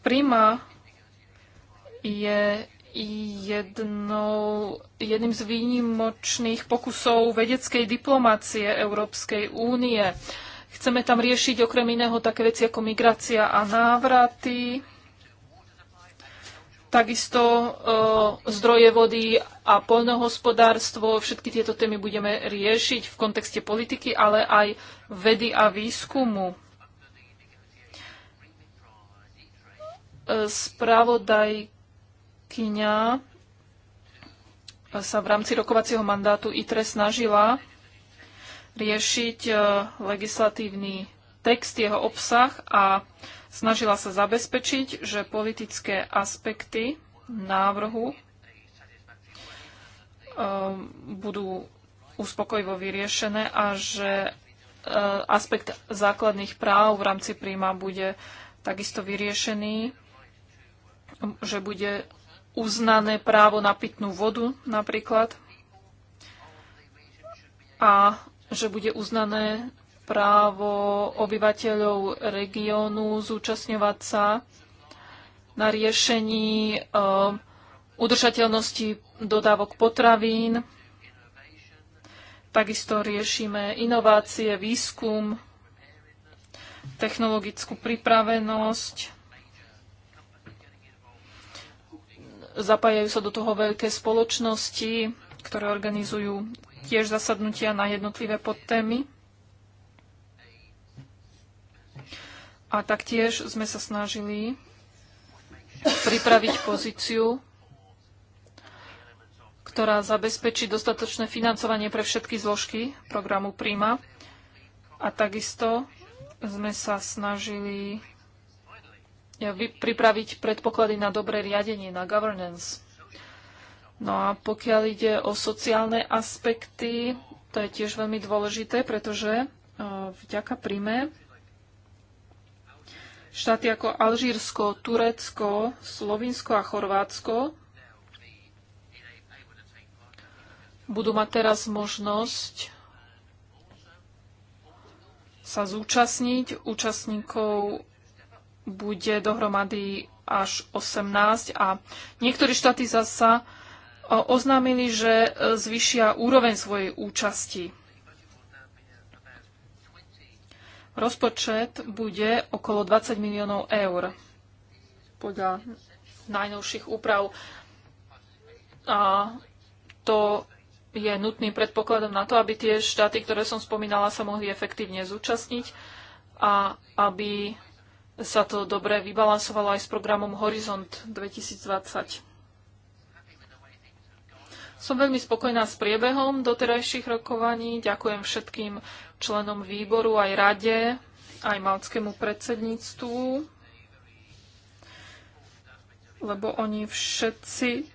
Príma je jednou, jedným z výnimočných pokusov vedeckej diplomácie Európskej únie. Chceme tam riešiť okrem iného také veci ako migrácia a návraty, takisto e, zdroje vody a poľnohospodárstvo. Všetky tieto témy budeme riešiť v kontexte politiky, ale aj vedy a výskumu. E, spravodajkyňa sa v rámci rokovacieho mandátu ITRE snažila riešiť e, legislatívny text, jeho obsah a snažila sa zabezpečiť, že politické aspekty návrhu e, budú uspokojivo vyriešené a že e, aspekt základných práv v rámci príjma bude takisto vyriešený, že bude uznané právo na pitnú vodu napríklad a že bude uznané právo obyvateľov regiónu zúčastňovať sa na riešení eh, udržateľnosti dodávok potravín. Takisto riešime inovácie, výskum, technologickú pripravenosť. Zapájajú sa do toho veľké spoločnosti, ktoré organizujú tiež zasadnutia na jednotlivé podtémy. A taktiež sme sa snažili pripraviť pozíciu, ktorá zabezpečí dostatočné financovanie pre všetky zložky programu Prima. A takisto sme sa snažili pripraviť predpoklady na dobré riadenie, na governance. No a pokiaľ ide o sociálne aspekty, to je tiež veľmi dôležité, pretože e, vďaka príjme štáty ako Alžírsko, Turecko, Slovinsko a Chorvátsko budú mať teraz možnosť sa zúčastniť. Účastníkov bude dohromady až 18 a niektorí štáty zasa oznámili, že e, zvyšia úroveň svojej účasti. Rozpočet bude okolo 20 miliónov eur podľa najnovších úprav. A to je nutným predpokladom na to, aby tie štáty, ktoré som spomínala, sa mohli efektívne zúčastniť a aby sa to dobre vybalansovalo aj s programom Horizont 2020. Som veľmi spokojná s priebehom doterajších rokovaní. Ďakujem všetkým členom výboru, aj rade, aj malckému predsedníctvu, lebo oni všetci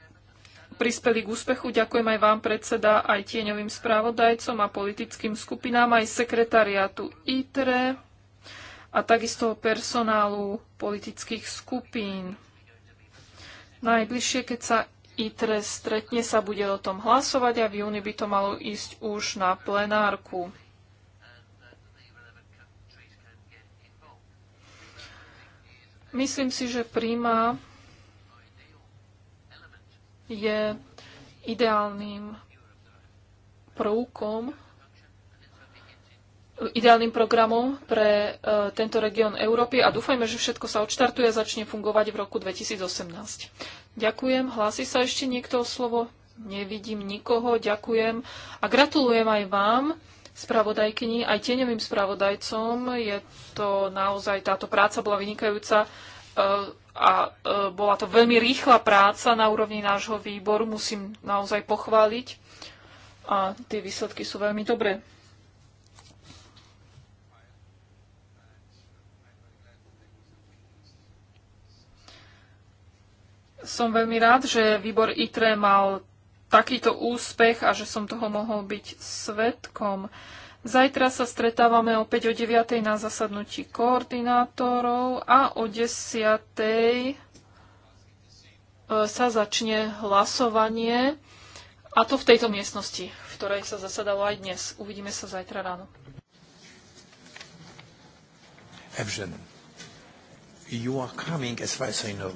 prispeli k úspechu. Ďakujem aj vám, predseda, aj tieňovým správodajcom a politickým skupinám, aj sekretariátu ITRE a takisto personálu politických skupín. Najbližšie, keď sa ITRE stretne sa, bude o tom hlasovať a v júni by to malo ísť už na plenárku. Myslím si, že príma je ideálnym prvkom ideálnym programom pre eh, tento región Európy a dúfajme, že všetko sa odštartuje a začne fungovať v roku 2018. Ďakujem. Hlási sa ešte niekto o slovo? Nevidím nikoho. Ďakujem. A gratulujem aj vám, spravodajkyni, aj tieňovým spravodajcom. Je to naozaj, táto práca bola vynikajúca eh, a eh, bola to veľmi rýchla práca na úrovni nášho výboru. Musím naozaj pochváliť a tie výsledky sú veľmi dobré. som veľmi rád, že výbor ITRE mal takýto úspech a že som toho mohol byť svetkom. Zajtra sa stretávame opäť o 9. na zasadnutí koordinátorov a o 10. E, sa začne hlasovanie a to v tejto miestnosti, v ktorej sa zasadalo aj dnes. Uvidíme sa zajtra ráno. Evžen, you are coming as far as I know.